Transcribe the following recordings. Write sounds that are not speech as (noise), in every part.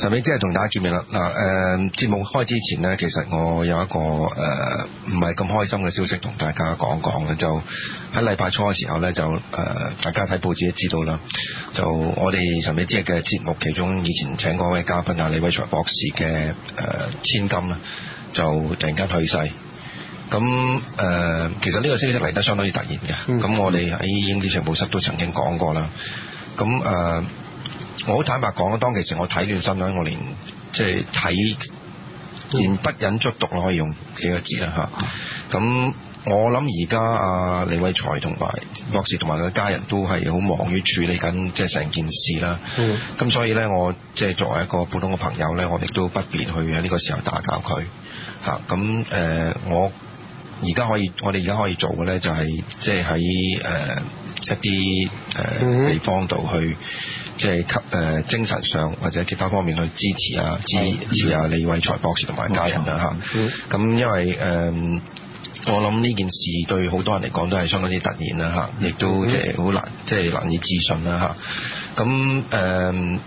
神秘之夜即係同大家見面啦。嗱、呃，節目開之前呢，其實我有一個誒唔係咁開心嘅消息同大家講講，就喺禮拜初嘅時候咧，就誒、呃、大家睇報紙都知道啦。就我哋神秘之夜嘅節目其中以前請過位嘉賓啊李偉才博士嘅誒千金啊，就突然間去世。咁誒、呃，其實呢個消息嚟得相當於突然嘅。咁、嗯、我哋喺《英語財報室》都曾經講過啦。咁誒。呃我好坦白講，當其時我睇呢段新聞，我連即係睇，連不忍卒讀可以用幾個字啦吓，咁、嗯、我諗而家阿李偉才同埋博士同埋佢家人都係好忙於處理緊即係成件事啦。咁、嗯、所以呢，我即係作為一個普通嘅朋友呢，我亦都不便去喺呢個時候打攪佢吓，咁、呃、我而家可以我哋而家可以做嘅呢、就是，就係即係喺一啲、呃、地方度去。嗯即係給誒精神上或者其他方面去支持啊，支持啊李偉才博士同埋家人啦嚇。咁、嗯、因為誒，我諗呢件事對好多人嚟講都係相當之突然啦嚇，亦都即係好難，即係難以置信啦嚇。咁、嗯、誒。嗯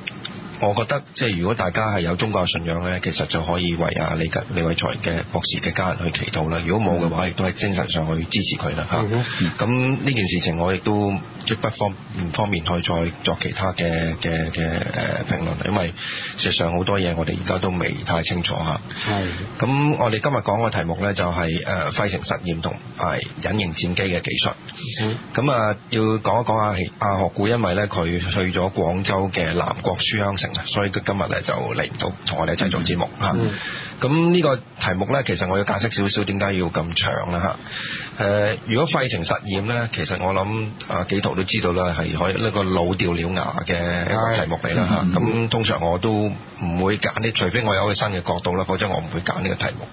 我覺得即係如果大家係有宗教信仰咧，其實就可以為啊李李偉才嘅博士嘅家人去祈禱啦。如果冇嘅話，亦都係精神上去支持佢啦嚇。咁、mm-hmm. 呢、啊、件事情我亦都即不方唔方便去再作其他嘅嘅嘅誒評論，因為實事實上好多嘢我哋而家都未太清楚嚇。係、mm-hmm. 啊。咁我哋今日講嘅題目呢、就是，就係誒費城實驗同埋隱形戰機嘅技術。咁、mm-hmm. 啊要講一講阿阿學古，因為呢，佢去咗廣州嘅南國書香城。所以佢今日咧就嚟唔到同我哋一齊做節目嚇。咁、嗯、呢、嗯、個題目咧，其實我要解釋少少點解要咁長啦嚇。誒、呃，如果費城實驗咧，其實我諗阿紀陶都知道啦，係可以呢個老掉了牙嘅一個題目嚟啦嚇。咁、嗯嗯、通常我都唔會揀啲，除非我有一個新嘅角度啦，否則我唔會揀呢個題目。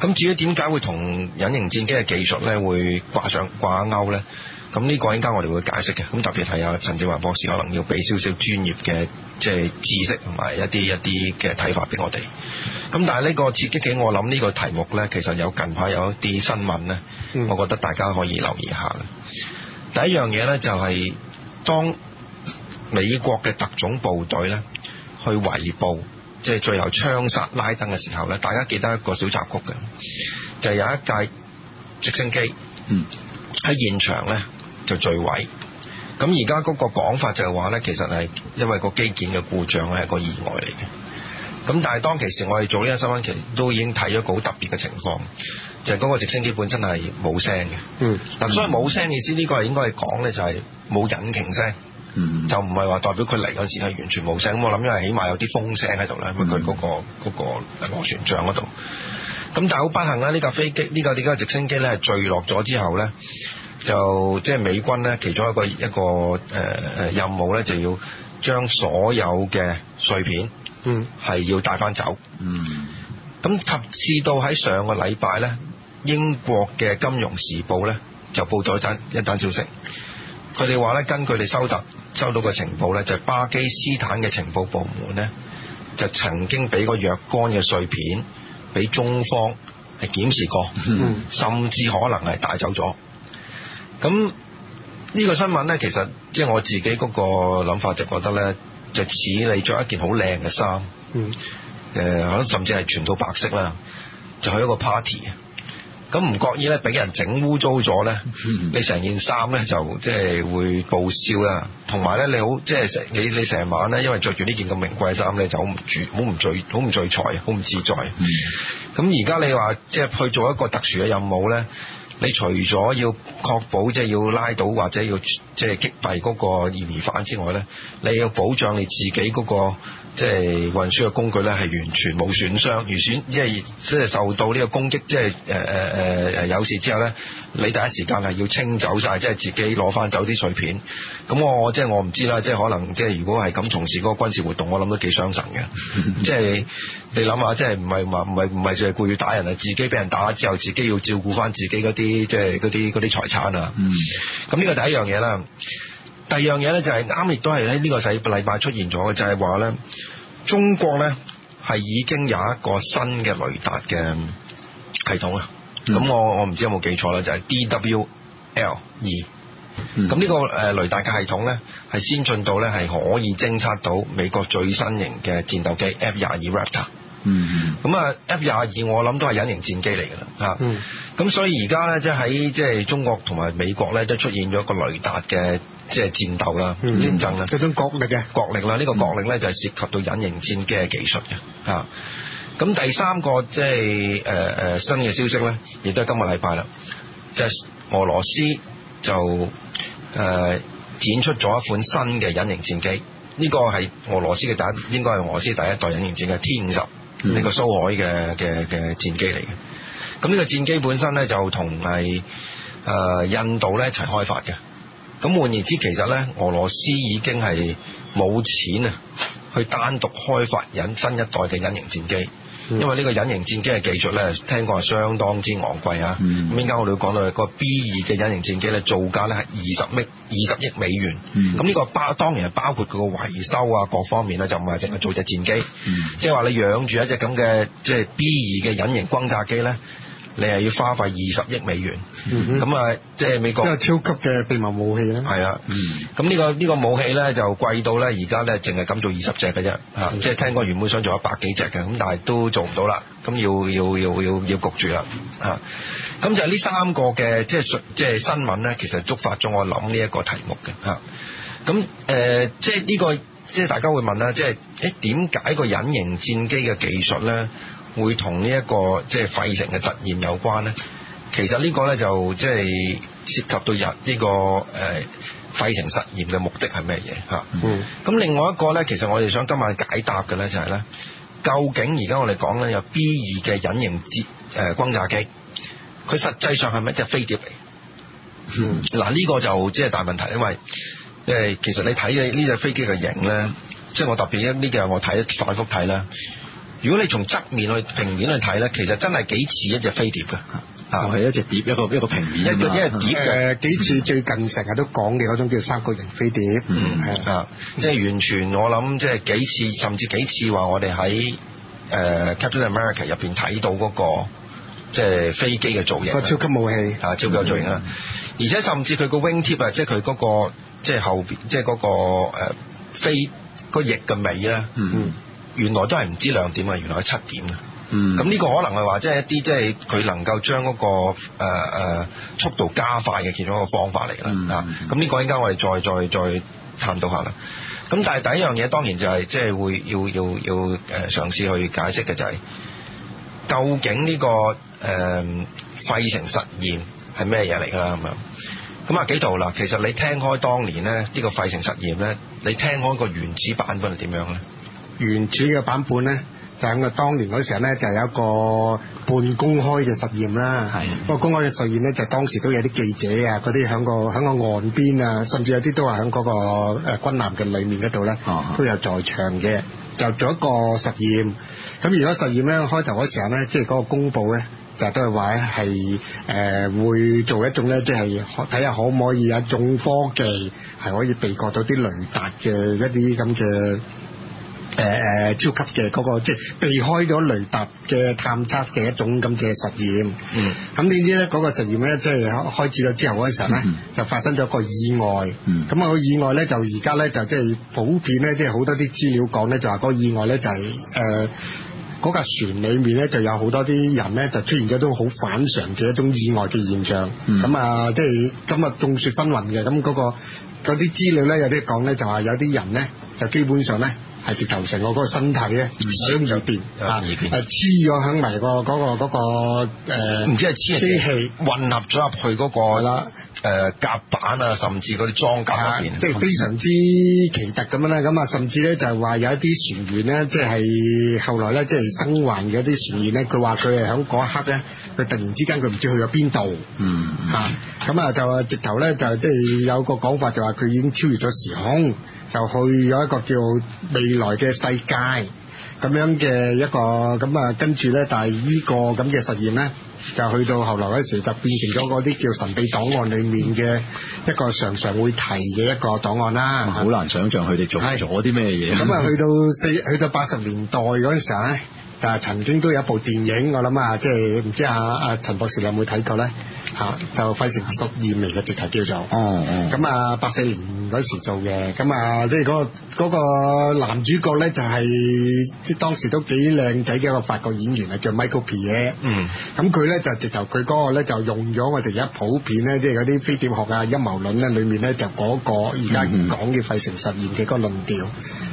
咁至於點解會同隱形戰機嘅技術咧會掛上掛鈎咧？咁、這、呢個應該我哋會解釋嘅。咁特別係阿陳志宏博士可能要俾少少專業嘅即係知識同埋一啲一啲嘅睇法俾我哋。咁但係呢個刺激嘅，我諗呢個題目呢，其實有近排有一啲新聞呢，我覺得大家可以留意下、嗯。第一樣嘢呢、就是，就係當美國嘅特種部隊呢去圍捕，即係最後槍殺拉登嘅時候呢，大家記得一個小插曲嘅，就是、有一架直升機喺、嗯、現場呢。就墜毀。咁而家嗰個講法就係話呢，其實係因為個機件嘅故障係個意外嚟嘅。咁但係當其時我哋做呢一新聞其實都已經睇咗個好特別嘅情況，就係、係、嗰個直升機本身係冇聲嘅。嗯。所以冇聲意思呢、呢個係應該係講咧，就係冇引擎聲。嗯、就唔係話代表佢嚟嗰時係完全冇聲。咁我諗因為起碼有啲風聲喺度呢，因為佢嗰個嗰、嗰個螺旋槳嗰度。咁但係好不幸呀，呢架飛機呢架直升機呢，係墜落咗之後咧？就即係美軍咧，其中一個一個誒、呃、任務咧，就要將所有嘅碎片，嗯，係要帶翻走，嗯。咁及至到喺上個禮拜咧，英國嘅金融時報咧就報咗一單一單消息，佢哋話咧，根據佢哋收集收到嘅情報咧，就係巴基斯坦嘅情報部門咧就曾經俾個若干嘅碎片俾中方係檢視過，嗯，甚至可能係帶走咗。咁呢、這個新聞呢，其實即係我自己嗰個諗法就覺得呢，就似你着一件好靚嘅衫，誒、嗯呃，可能甚至係全套白色啦，就去一個 party。咁唔覺意呢，俾人整污糟咗呢，你成件衫呢就即係、就是、會報銷啦。同埋呢，你好，即係你你成晚呢，因為着住呢件咁名貴嘅衫呢，就好唔聚好唔聚好唔聚財，好唔自在。咁而家你話即係去做一個特殊嘅任務呢。你除咗要確保即係要拉到或者要即係擊斃嗰個嫌疑犯之外咧，你要保障你自己嗰、嗰個。即係運輸嘅工具咧，係完全冇損傷。如損，即係即係受到呢個攻擊，即係誒誒有事之後咧，你第一時間係要清走晒，即係自己攞翻走啲碎片。咁我即係我唔知啦，即係可能即係如果係咁從事嗰個軍事活動，我諗都幾傷神嘅。即 (laughs) 係、就是、你諗下，即係唔係話唔係唔係淨係故意打人啊？自己俾人打之後，自己要照顧翻自己嗰啲即係嗰啲嗰啲財產啊。咁、嗯、呢個第一樣嘢啦。第二樣嘢咧就係啱，亦都係咧呢個世禮拜出現咗嘅，就係話咧中國咧係已經有一個新嘅雷達嘅系統啊！咁、嗯、我我唔知有冇記錯啦，就係 D W L 二。咁、嗯、呢、呢個雷達嘅系統咧係先進到咧係可以偵測到美國最新型嘅戰鬥機 F 廿二 Raptor。嗯，咁啊，F 廿二我諗都係隱形戰機嚟噶啦，吓，咁所以而家咧，即係喺即係中國同埋美國咧，都出現咗一個雷達嘅即係戰鬥啦、戰爭啦，即係種國力嘅國力啦。呢、這個國力咧就係涉及到隱形戰機嘅技術嘅，吓。咁第三個即係誒誒新嘅消息咧，亦都係今個禮拜啦，係、即係、俄羅斯就誒展出咗一款新嘅隱形戰機，呢、這個係俄羅斯嘅第一，應該係俄羅斯第一代隱形戰機 T 五十。T-50，呢個蘇海嘅嘅嘅戰機嚟嘅，咁呢個戰機本身咧就同係誒印度咧一齊開發嘅，咁換言之，其實咧俄羅斯已經係冇錢啊，去單獨開發引新一代嘅隱形戰機。因為呢個隱形戰機嘅技術咧，聽講係相當之昂貴啊！咁依家我哋會講到，個 B 二嘅隱形戰機咧，造價咧係二十億二十億美元。咁、嗯、呢個包當然係包括佢個維修啊，各方面咧就唔係淨係做隻戰機。即係話你養住一隻咁嘅，即係 B 二嘅隱形轟炸機咧，你係要花費二十億美元，咁、嗯、啊，即係美國。即係超級嘅秘密武器咧。係啦、啊。咁呢個呢個武器咧就貴到咧，而家咧淨係咁做二十隻嘅啫，嚇。即係聽講原本想做一百幾隻嘅，咁但係都做唔到啦，咁要要要要要焗住啦，嚇、嗯。咁就係呢三個嘅即係即係新聞咧，其實觸發咗我諗呢一個題目嘅嚇。咁誒，即係呢個即係、即係、大家會問咧，即係誒點解個隱形戰機嘅技術咧？會同呢一個即係費城嘅實驗有關咧，其實個呢個咧就即、是、係涉及到入、這、呢個誒費城實驗嘅目的係咩嘢嗯。咁另外一個咧，其實我哋想今晚解答嘅咧就係、是、咧，究竟而家我哋講緊，有 B 二嘅隱形折誒轟炸機，佢實際上係咪一隻飛碟嚟？嗯、啊。嗱、這、呢個就即係大問題，因為其實你睇嘅呢隻飛機嘅型咧，嗯、即係我特別呢幾日我睇大幅睇呢。如果你從側面去平面去睇咧，其實真係幾似一隻飛碟嘅，就係一隻碟一個一個平面啊嘛。一隻碟誒、呃、幾似最近成日都講嘅嗰種叫三角形飛碟，啊、嗯嗯，即係完全我諗即係幾次，甚至幾次話我哋喺誒 Captain America 入邊睇到嗰、嗰個即係飛機嘅造型，個超級武器啊、嗯，超級造型啦、嗯，而且甚至佢個 wing tip 啊、嗰個，即係佢嗰個即係後邊即係嗰個誒飛、嗰個翼嘅尾咧。嗯。嗯。原來都係唔知兩點啊！原來係七點啊！咁、嗯、呢、這個可能係話，即係一啲即係佢能夠將嗰個誒、呃、速度加快嘅其中一個方法嚟啦。啊、嗯！咁、嗯、呢、這個應該我哋再，再再再探討下啦。咁但係第一樣嘢當然就係即係會要要要誒嘗試去解釋嘅就係、是、究竟呢、這個誒費城實驗係咩嘢嚟㗎啦？咁樣咁啊幾度啦！其實你聽開當年咧呢、這個費城實驗咧，你聽開個原始版本係點樣咧？原始嘅版本咧，就喺個當年嗰啲時候咧，就係有一個半公開嘅實驗啦。係個公開嘅實驗咧，就當時都有啲記者啊，嗰啲喺個喺個岸邊啊，甚至有啲都係喺嗰個誒軍艦嘅裡面嗰度咧，都有在場嘅，就做一個實驗。咁如果實驗咧，開頭嗰時候咧，即係嗰個公佈咧，就都係話咧係誒會做一種咧，即係睇下可唔可以啊，種科技係可以避過到啲雷達嘅一啲咁嘅。誒誒，超級嘅嗰個即係避開咗雷達嘅探測嘅一種咁嘅實驗。嗯。咁點知咧嗰個實驗咧，即係開始咗之後嗰陣時咧，嗯，就發生咗個意外。嗯。咁啊，嗰個意外咧就而家咧就即係普遍咧，即係好多啲資料講咧，就話嗰個意外咧就係誒嗰架船裡面咧就有好多啲人咧就出現咗一種好反常嘅一種意外嘅現象。嗯。咁啊，即係咁啊，眾說紛紜嘅咁嗰個嗰啲資料咧，有啲講咧就話有啲人咧就基本上咧。係直頭成個個身體呢，而變而變黐咗喺埋個嗰、那個嗰、那個誒，唔、呃、知係黐係機器混合咗入去嗰、那個啦誒甲板呀，甚至嗰啲裝甲，即係、就是、非常之奇特咁、嗯、樣咧。咁啊，甚至呢就係話有一啲船員呢，即、就、係、是、後來呢，即、就、係、是、生還嘅一啲船員呢，佢話佢係喺嗰一刻咧。佢突然之間他不去了哪，佢唔知去咗邊度，嚇、嗯、咁啊！就直頭咧，就即係有個講法，就話佢已經超越咗時空，就去咗一個叫未來嘅世界咁樣嘅一個咁啊！跟住咧，但係呢個咁嘅實驗咧，就去到後來嗰時，就變成咗嗰啲叫神秘檔案裡面嘅一個常常會提嘅一個檔案啦。好、嗯、難想像佢哋做咗啲咩嘢。咁啊， (laughs) 去到四，去到八十年代嗰陣時咧。就係曾經都有一部電影，我諗啊，即係唔知啊啊陳博士有冇睇過咧？嚇、嗯啊，就費城實驗嘅直頭叫做，嗯嗯，咁啊八四年嗰時做嘅，咁啊即係嗰個嗰個男主角咧就係、係、即當時都幾靚仔嘅一個法國演員啊，叫 Michael Pierre，嗯，咁佢咧就直頭佢嗰個咧就用咗我哋而家普遍咧，即係嗰啲飛碟學啊、陰謀論咧裏面咧就嗰個而家講嘅費城實驗嘅嗰個論調，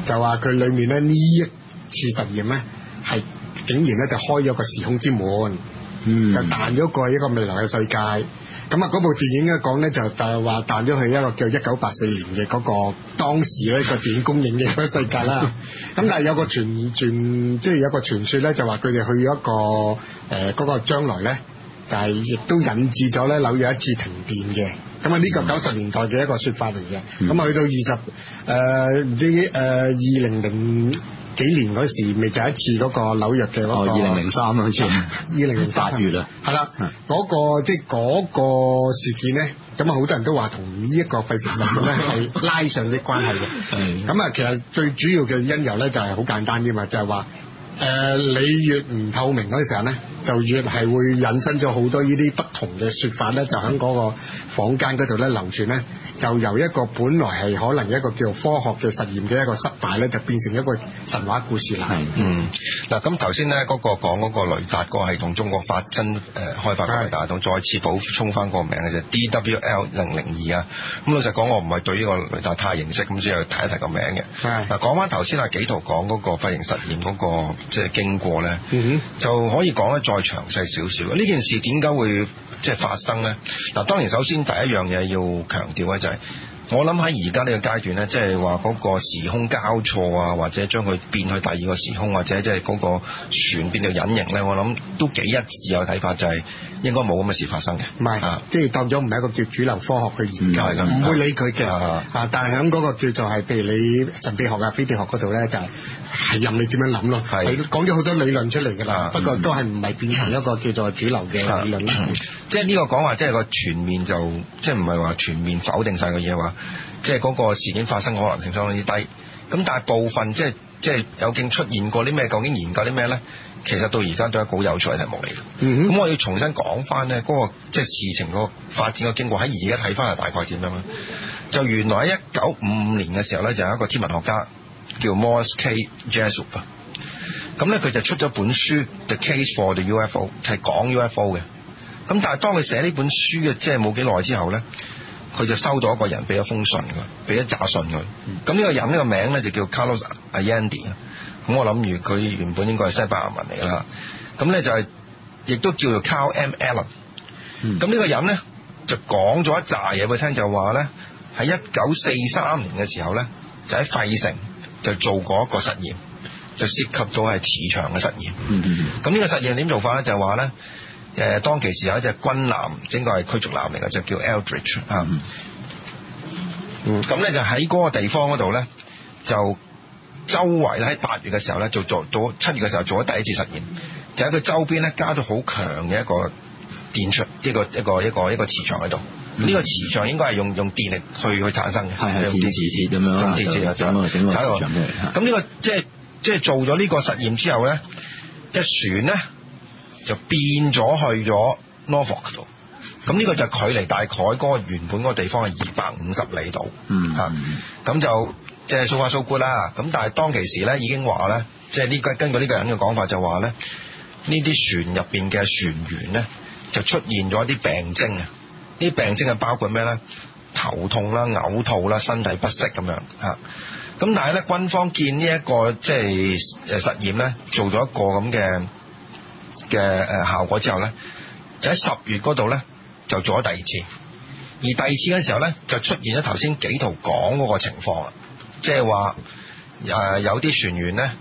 就話佢裏面咧呢，呢一次實驗咧。係竟然咧就開咗個時空之門，就、嗯、彈咗過去一個未來嘅世界。咁啊嗰部電影咧講咧就就係話彈咗去一個叫一九八四年嘅嗰、嗰個當時咧個電影公映嘅世界啦。咁 (laughs) 但係有個傳傳，即係有個傳說咧就話佢哋去咗一個誒嗰、呃嗰個將來咧，就係、係、亦都引致咗咧紐約一次停電嘅。咁啊，呢個九十年代嘅一個説法嚟嘅，咁、嗯、啊去到二十誒唔知誒二零零幾年嗰時，咪就是、一次嗰個紐約嘅嗰二零零三好似，二零零八月啊，係、嗯、啦，嗰、那個即嗰、就是、事件咧，咁啊好多人都話同呢一個費城實驗咧係拉上啲關係嘅，咁啊其實最主要嘅因由咧就係好簡單啫嘛，就係、是、話。誒、呃，你越唔透明嗰啲時候呢，就越係會引申咗好多呢啲不同嘅説法呢就喺嗰個房間嗰度呢，流傳呢就由一個本來係可能一個叫科學嘅實驗嘅一個失敗呢，就變成一個神話故事啦。嗱、嗯，咁頭先呢嗰個講嗰個雷達嗰個係同中國八增開發嘅雷達同，再次補充返個名嘅就是、D W L 0 0 2啊。咁老實講，我唔係對呢個雷達太認識，咁先又睇一睇個名嘅。嗱，講返頭先啊，紀陶講嗰個費城實驗嗰、那個。即、就、係、是、經過咧、嗯，就可以講得再詳細少少。呢件事點解會即係發生呢？嗱，當然首先第一樣嘢要強調呢、就是，就係我諗喺而家呢個階段呢，即係話嗰個時空交錯啊，或者將佢變去第二個時空，或者即係嗰個船變到隱形呢，我諗都幾一致嘅睇法，就係、是、應該冇咁嘅事發生嘅。唔係、啊，即係當咗唔係一個叫主流科學嘅研究，唔會理佢嘅。啊，但係喺嗰個叫做係譬如你神秘學啊、非地學嗰度呢，就係。係任你點樣諗咯，係講咗好多理論出嚟㗎啦。不過都係唔係變成一個叫做主流嘅理論啦。即係呢個講話，即係個全面就即係唔係話全面否定曬個嘢話，即係嗰個事件發生嘅可能性相當之低。咁但係部分即係即係有經出現過啲咩？究竟研究啲咩咧？其實到而家都係好有趣嘅題目嚟。咁、嗯、我要重新講翻咧，嗰個即係事情個發展嘅經過，喺而家睇翻係大概點樣？就原來喺一九五五年嘅時候咧，就有一個天文學家。叫 Morris K. Jessup 啊，咁咧佢就出咗本書《The Case for the UFO》，係講 UFO 嘅。咁但係當佢寫呢本書嘅，即係冇幾耐之後咧，佢就收到一個人俾一封信佢，俾一紮信佢。咁呢個人呢個名咧就叫 Carlos Allende 咁我諗住佢原本應該係西班牙文嚟㗎啦。咁咧就係亦都叫做 Carl M Allen。咁呢個人咧就講咗一紮嘢俾佢聽，就話咧喺一九四三年嘅時候咧，就喺費城。就做過一個實驗，就涉及到係磁場嘅實驗。嗯嗯咁呢個實驗點做法咧，就係話咧，當其時有一隻軍艦，應該係驅逐艦嚟嘅，就叫 Eldridge 嚇。嗯。咁咧就喺嗰個地方嗰度咧，就周圍喺八月嘅時候咧就做咗，七月嘅時候做咗第一次實驗，就喺佢周邊咧加咗好強嘅一個電場，一個一個一個一個磁場喺度。呢、這個磁場應該係用用電力去去產生嘅，係係電磁鐵咁樣。咁呢個即係即係做咗呢個實驗之後咧，隻、這個就是、船咧就變咗去咗 Norfolk 度，咁呢個就距離大概嗰個原本嗰個地方係二百五十里度，嗯，嚇咁、嗯、就即係粗法粗估啦。咁、就是 so so、但係當其時咧已經話咧，即係呢個根據呢個人嘅講法就話咧，呢啲船入邊嘅船員咧就出現咗一啲病徵啊！啲病症係包括咩咧？頭痛啦、嘔吐啦、身體不適咁樣啊。咁但係咧，軍方見呢一個即係誒實驗咧，做咗一個咁嘅嘅誒效果之後咧，就喺十月嗰度咧就做咗第二次。而第二次嗰時候咧，就出現咗頭先幾圖講嗰個情況啦，即係話誒有啲船員咧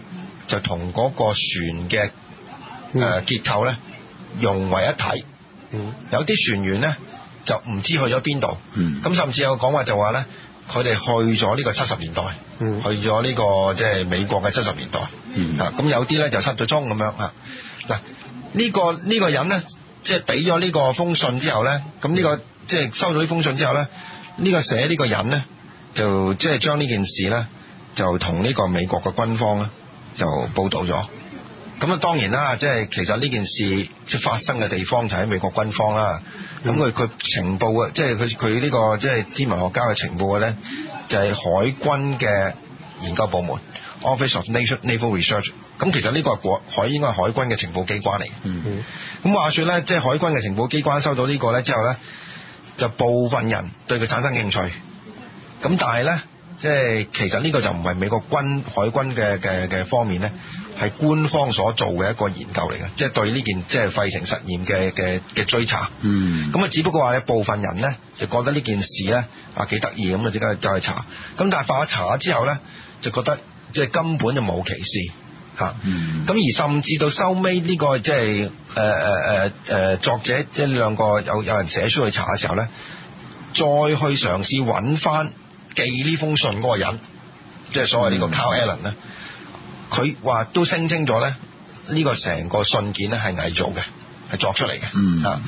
就同嗰個船嘅誒結構咧融為一體，有啲船員咧。就唔知去咗邊度，咁、嗯、甚至有講話就話咧，佢哋去咗呢個七十年代，嗯、去咗呢、呢個即係、即係、美國嘅七十年代啊。咁、嗯、有啲咧就失咗蹤咁樣啊。嗱、呢個，呢個呢個人咧，即係俾咗呢個封信之後咧，咁、嗯、呢、呢個即係、即係、收到呢封信之後咧，呢、呢個寫呢個人咧，就即係、即係、將呢件事咧，就同呢個美國嘅軍方咧，就報道咗。咁啊，當然啦，即係其實呢件事發生嘅地方就喺美國軍方啦。咁佢佢情報啊，即係佢佢呢個即係天文學家嘅情報咧，就係、是、海軍嘅研究部門 Office of Naval Naval Research。咁其實呢個係國海應該係海軍嘅情報機關嚟。嗯。咁、嗯、話說咧，即係海軍嘅情報機關收到呢個咧之後咧，就部分人對佢產生興趣。咁但係咧，即係其實呢個就唔係美國軍海軍嘅嘅嘅方面咧。係官方所做嘅一個研究嚟嘅，即係對呢件即係費城實驗嘅嘅嘅追查。嗯。咁啊，只不過話咧，部分人咧就覺得呢件事咧啊幾得意咁啊，即刻就去查。咁但係查下查之後咧，就覺得即係根本就冇其事嚇。咁、嗯、而甚至到收尾呢個即係誒誒誒誒作者即係兩個有有人寫書去查嘅時候咧，再去嘗試揾翻寄呢封信嗰個人，即係所謂呢個 Carl Allen 咧。佢話都聲稱咗咧，呢個成個信件咧係偽造嘅，係作出嚟嘅。嗯啊，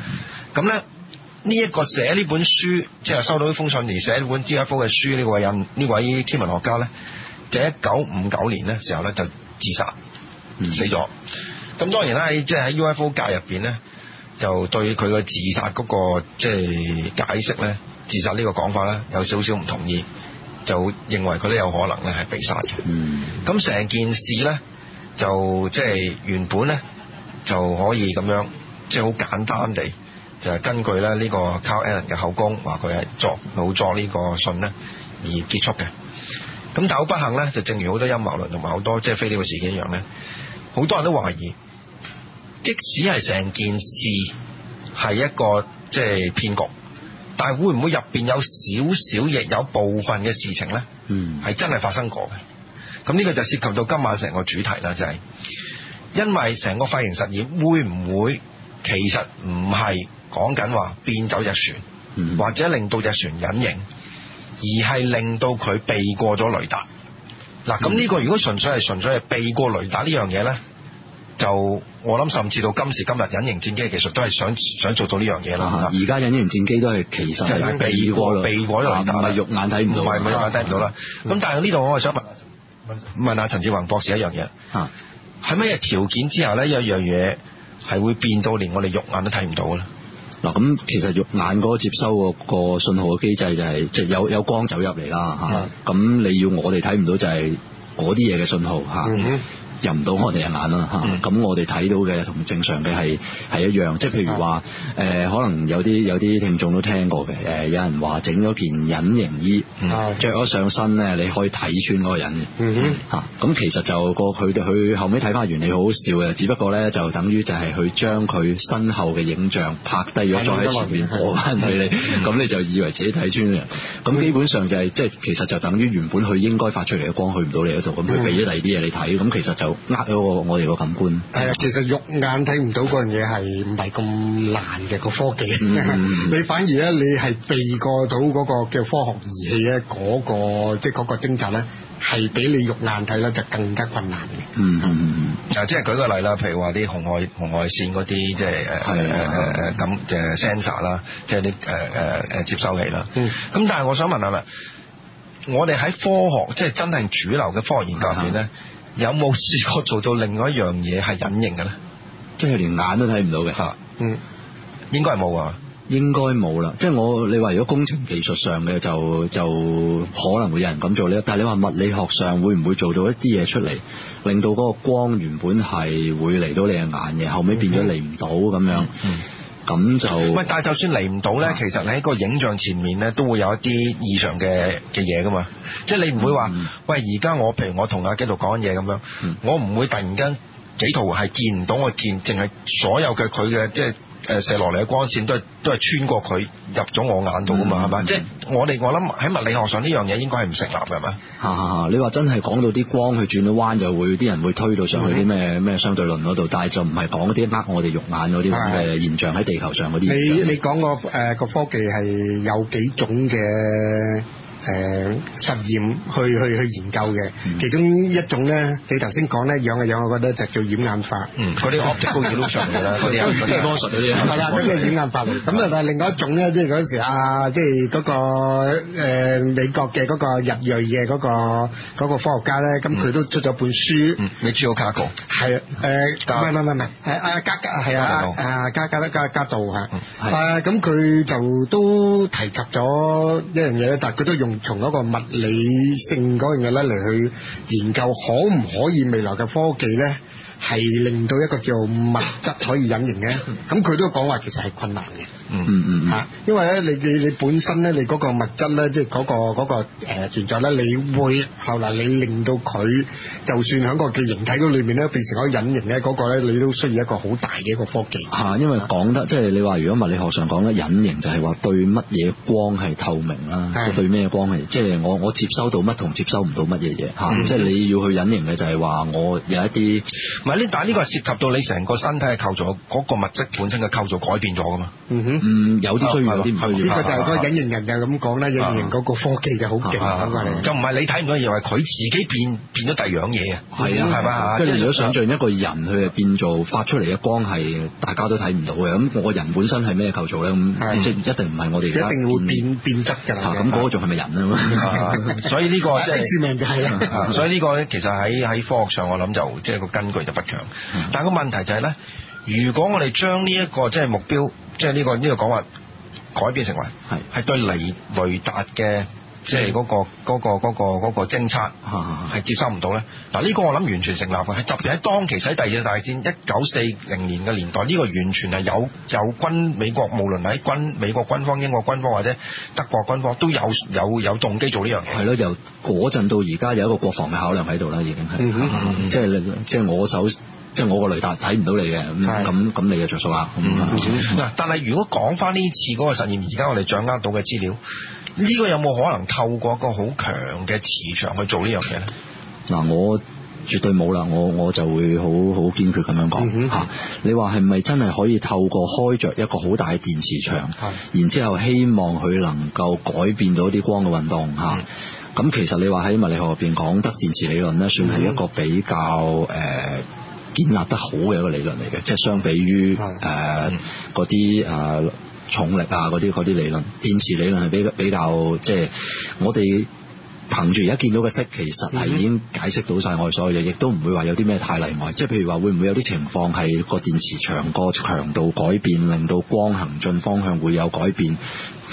咁咧呢一個寫呢本書，即、嗯、係、就是、收到呢封信而寫呢本 UFO 嘅書呢位、這個、人呢位天文學家咧，就一九五九年咧時候咧就自殺，嗯、死咗。咁當然啦，即係喺 UFO 界入邊咧，就對佢嘅自殺嗰個即係解釋咧，自殺呢個講法咧有少少唔同意。就認為佢都有可能咧係被殺嘅。嗯。咁成件事咧就即係、就是、原本咧就可以咁樣，即係好簡單地就係、是、根據咧呢個 Carl Allen 嘅口供，話佢係作老作呢個信咧而結束嘅。咁但好不幸咧，就正如好多陰謀論同埋好多即係飛碟嘅事件一樣咧，好多人都懷疑，即使係成件事係一個即係騙局。但係會唔會入邊有少少亦有部分嘅事情呢？嗯，係真係發生過嘅。咁呢個就涉及到今晚成個主題啦，就係、是、因為成個費城實驗會唔會其實唔係講緊話變走隻船，嗯、或者令到隻船隱形，而係令到佢避過咗雷達。嗱，咁呢個如果純粹係純粹係避過雷達呢樣嘢呢？就我諗，甚至到今時今日，隱形戰機嘅技術都係想想做到呢樣嘢啦。而、啊、家隱形戰機都係其實是、就是、避，過避過了、啊、避過咗嚟，唔、啊、肉眼睇唔到啦。唔睇唔到啦。咁、嗯、但係呢度我係想問、嗯、問下陳志宏博士一樣嘢，嚇喺咩條件之下呢？有一樣嘢係會變到連我哋肉眼都睇唔到咧。嗱、啊，咁其實肉眼嗰個接收個、那個信號嘅機制就係即係有有光走入嚟啦。嚇咁、啊、你要我哋睇唔到就係嗰啲嘢嘅信號嚇。啊嗯入唔、嗯啊、到我哋嘅眼啦吓，咁我哋睇到嘅同正常嘅係係一樣，即係譬如話誒、呃、可能有啲有啲聽眾都聽過嘅誒、呃、有人話整咗件隱形衣，著、嗯、咗上身咧，你可以睇穿嗰個人嘅吓，咁、嗯啊、其實就個佢哋佢後尾睇翻完，你好笑嘅，只不過咧就等於就係佢將佢身後嘅影像拍低咗，再喺前面播翻俾你，咁、嗯、 (laughs) 你就以為自己睇穿嘅，咁基本上就係、是、即係其實就等於原本佢應該發出嚟嘅光去唔到你嗰度，咁佢俾咗第二啲嘢你睇，咁、嗯、其實就。呃咗我哋個感官，係啊，其實肉眼睇唔到嗰樣嘢係唔係咁難嘅個科技、嗯，你反而咧你係避過到嗰個叫科學儀器咧嗰個即係嗰個偵察咧，係比你肉眼睇咧就更加困難嘅。嗯嗱即係舉個例啦，譬如話啲紅外紅外線嗰啲即係誒誒誒誒咁嘅 sensor 啦，即係啲誒誒誒接收器啦。咁但係我想問下啦，我哋喺科學即係真係主流嘅科學研究入面咧。有冇試過做到另外一樣嘢，係隱形嘅咧？即係連眼都睇唔到嘅。吓，嗯，應該冇啊，應該冇啦。即係我你話如果工程技術上嘅就就可能會有人咁做呢，但係你話物理學上會唔會做到一啲嘢出嚟，令到嗰個光原本係會嚟到你嘅眼嘅，後尾變咗嚟唔到咁樣？嗯咁就喂，但係就算嚟唔到咧，啊、其實喺個影像前面咧，都會有一啲異常嘅嘅嘢噶嘛。即、就、係、係、你唔會話，嗯、喂，而家我譬如我同阿基督講講嘢咁樣，我唔會突然間幾圖係見唔到我見，淨係所有嘅佢嘅即係。誒射落嚟嘅光線都係都係穿過佢入咗我眼度㗎嘛，係、嗯、咪？即係、嗯就是、我哋我諗喺物理學上呢樣嘢應該係唔成立嘅，係咪、啊？你話真係講到啲光佢轉咗彎就會啲人會推到上去啲咩咩相對論嗰度，但係就唔係講啲呃我哋肉眼嗰啲誒現象喺地球上嗰啲。你你講個誒個科技係有幾種嘅？誒實驗去去去研究嘅，其中一種咧，你頭先講咧樣嘅樣，我覺得就叫掩眼法，嗰啲學術高手都熟啦，嗰啲啊嗰啲多術嗰啲，係啦，咁嘅掩眼法。咁啊，但係另外一種咧，即係嗰陣時啊，即係嗰個誒美國嘅嗰個日裔嘅嗰個嗰個科學家咧，咁佢都出咗本書，你知唔知卡哥？係啊，誒唔係唔係唔係，係阿加加係啊，阿加加德加加杜嚇，係啊，咁佢就都提及咗一樣嘢，但係佢都用。從一個物理性樣嘢咧嚟去研究，可唔可以未來嘅科技咧，係令到一個叫物質可以隱形嘅？咁佢都講話其實係困難嘅。嗯嗯嗯吓，因為咧，你你你本身咧，你嗰個物質咧，即係嗰個嗰個誒存在咧，你會後嚟你令到佢，就算喺個嘅形體嗰裏面咧，變成個隱形嘅嗰個咧，你都需要一個好大嘅一個科技吓。因為講得即係你話，如果物理學上講咧，隱形就係話對乜嘢光係透明啦、啊，對咩光係，即係我我接收到乜同接收唔到乜嘢嘢吓。即係你要去隱形嘅就係話我有一啲唔係呢？但係、嗯、呢個係涉及到你成個身體嘅構造，嗰個物質本身嘅構造改變咗噶嘛？嗯嗯嗯，有啲需要咯，呢個、哦嗯嗯、就係、是、嗰隱形人就咁講啦。隱形嗰個科技就好勁就唔係你睇唔到，以為佢自己變變咗第二樣嘢啊！係啊，係嘛？即係、就是、如果想像一個人，佢係變做發出嚟嘅光係大家都睇唔到嘅。咁我人本身係咩構造咧？咁即一定唔係我哋。一定會變變質㗎啦。咁、啊、嗰、嗯那個仲係咪人啊？ (laughs) 所、這個就是，所以呢個即係命所以呢個咧，其實喺喺科學上，我諗就即係個根據就不強。但係個問題就係咧，如果我哋將呢一個即係目標。即係呢、這個呢、這個講話改變成為係對雷雷達嘅即係嗰、那個嗰、嗯那個嗰、那個嗰、那個偵察係接收唔到呢。嗱、啊、呢、這個我諗完全成立嘅，係特別喺當期喺第二次大戰一九四零年嘅年代呢、這個完全係有有軍美國無論係軍美國軍方英國軍方或者德國軍方都有有有動機做呢樣嘢係咯，由嗰陣到而家有一個國防嘅考量喺度啦，已經係即係即係我手。即係我個雷達睇唔到你嘅，咁咁你就着數啦。嗱、嗯嗯，但係如果講翻呢次嗰個實驗，而家我哋掌握到嘅資料，呢、呢個有冇可能透過一個好強嘅磁場去做呢樣嘢咧？嗱、嗯，我絕對冇啦，我我就會好好堅決咁樣講、嗯啊、你話係咪真係可以透過開着一個好大嘅電磁場，嗯、然之後希望佢能夠改變到啲光嘅運動嚇？咁、啊嗯嗯、其實你話喺物理學入邊講得電磁理論咧，算係一個比較、呃建立得好嘅一個理論嚟嘅，即係相比於誒嗰啲誒重力啊嗰啲嗰啲理論，電磁理論係比比較，即係我哋憑住而家見到嘅色，其實係已經解釋到曬我哋所有嘢，亦都唔會話有啲咩太例外。即係譬如話會唔會有啲情況係個電磁場個強度改變，令到光行進方向會有改變，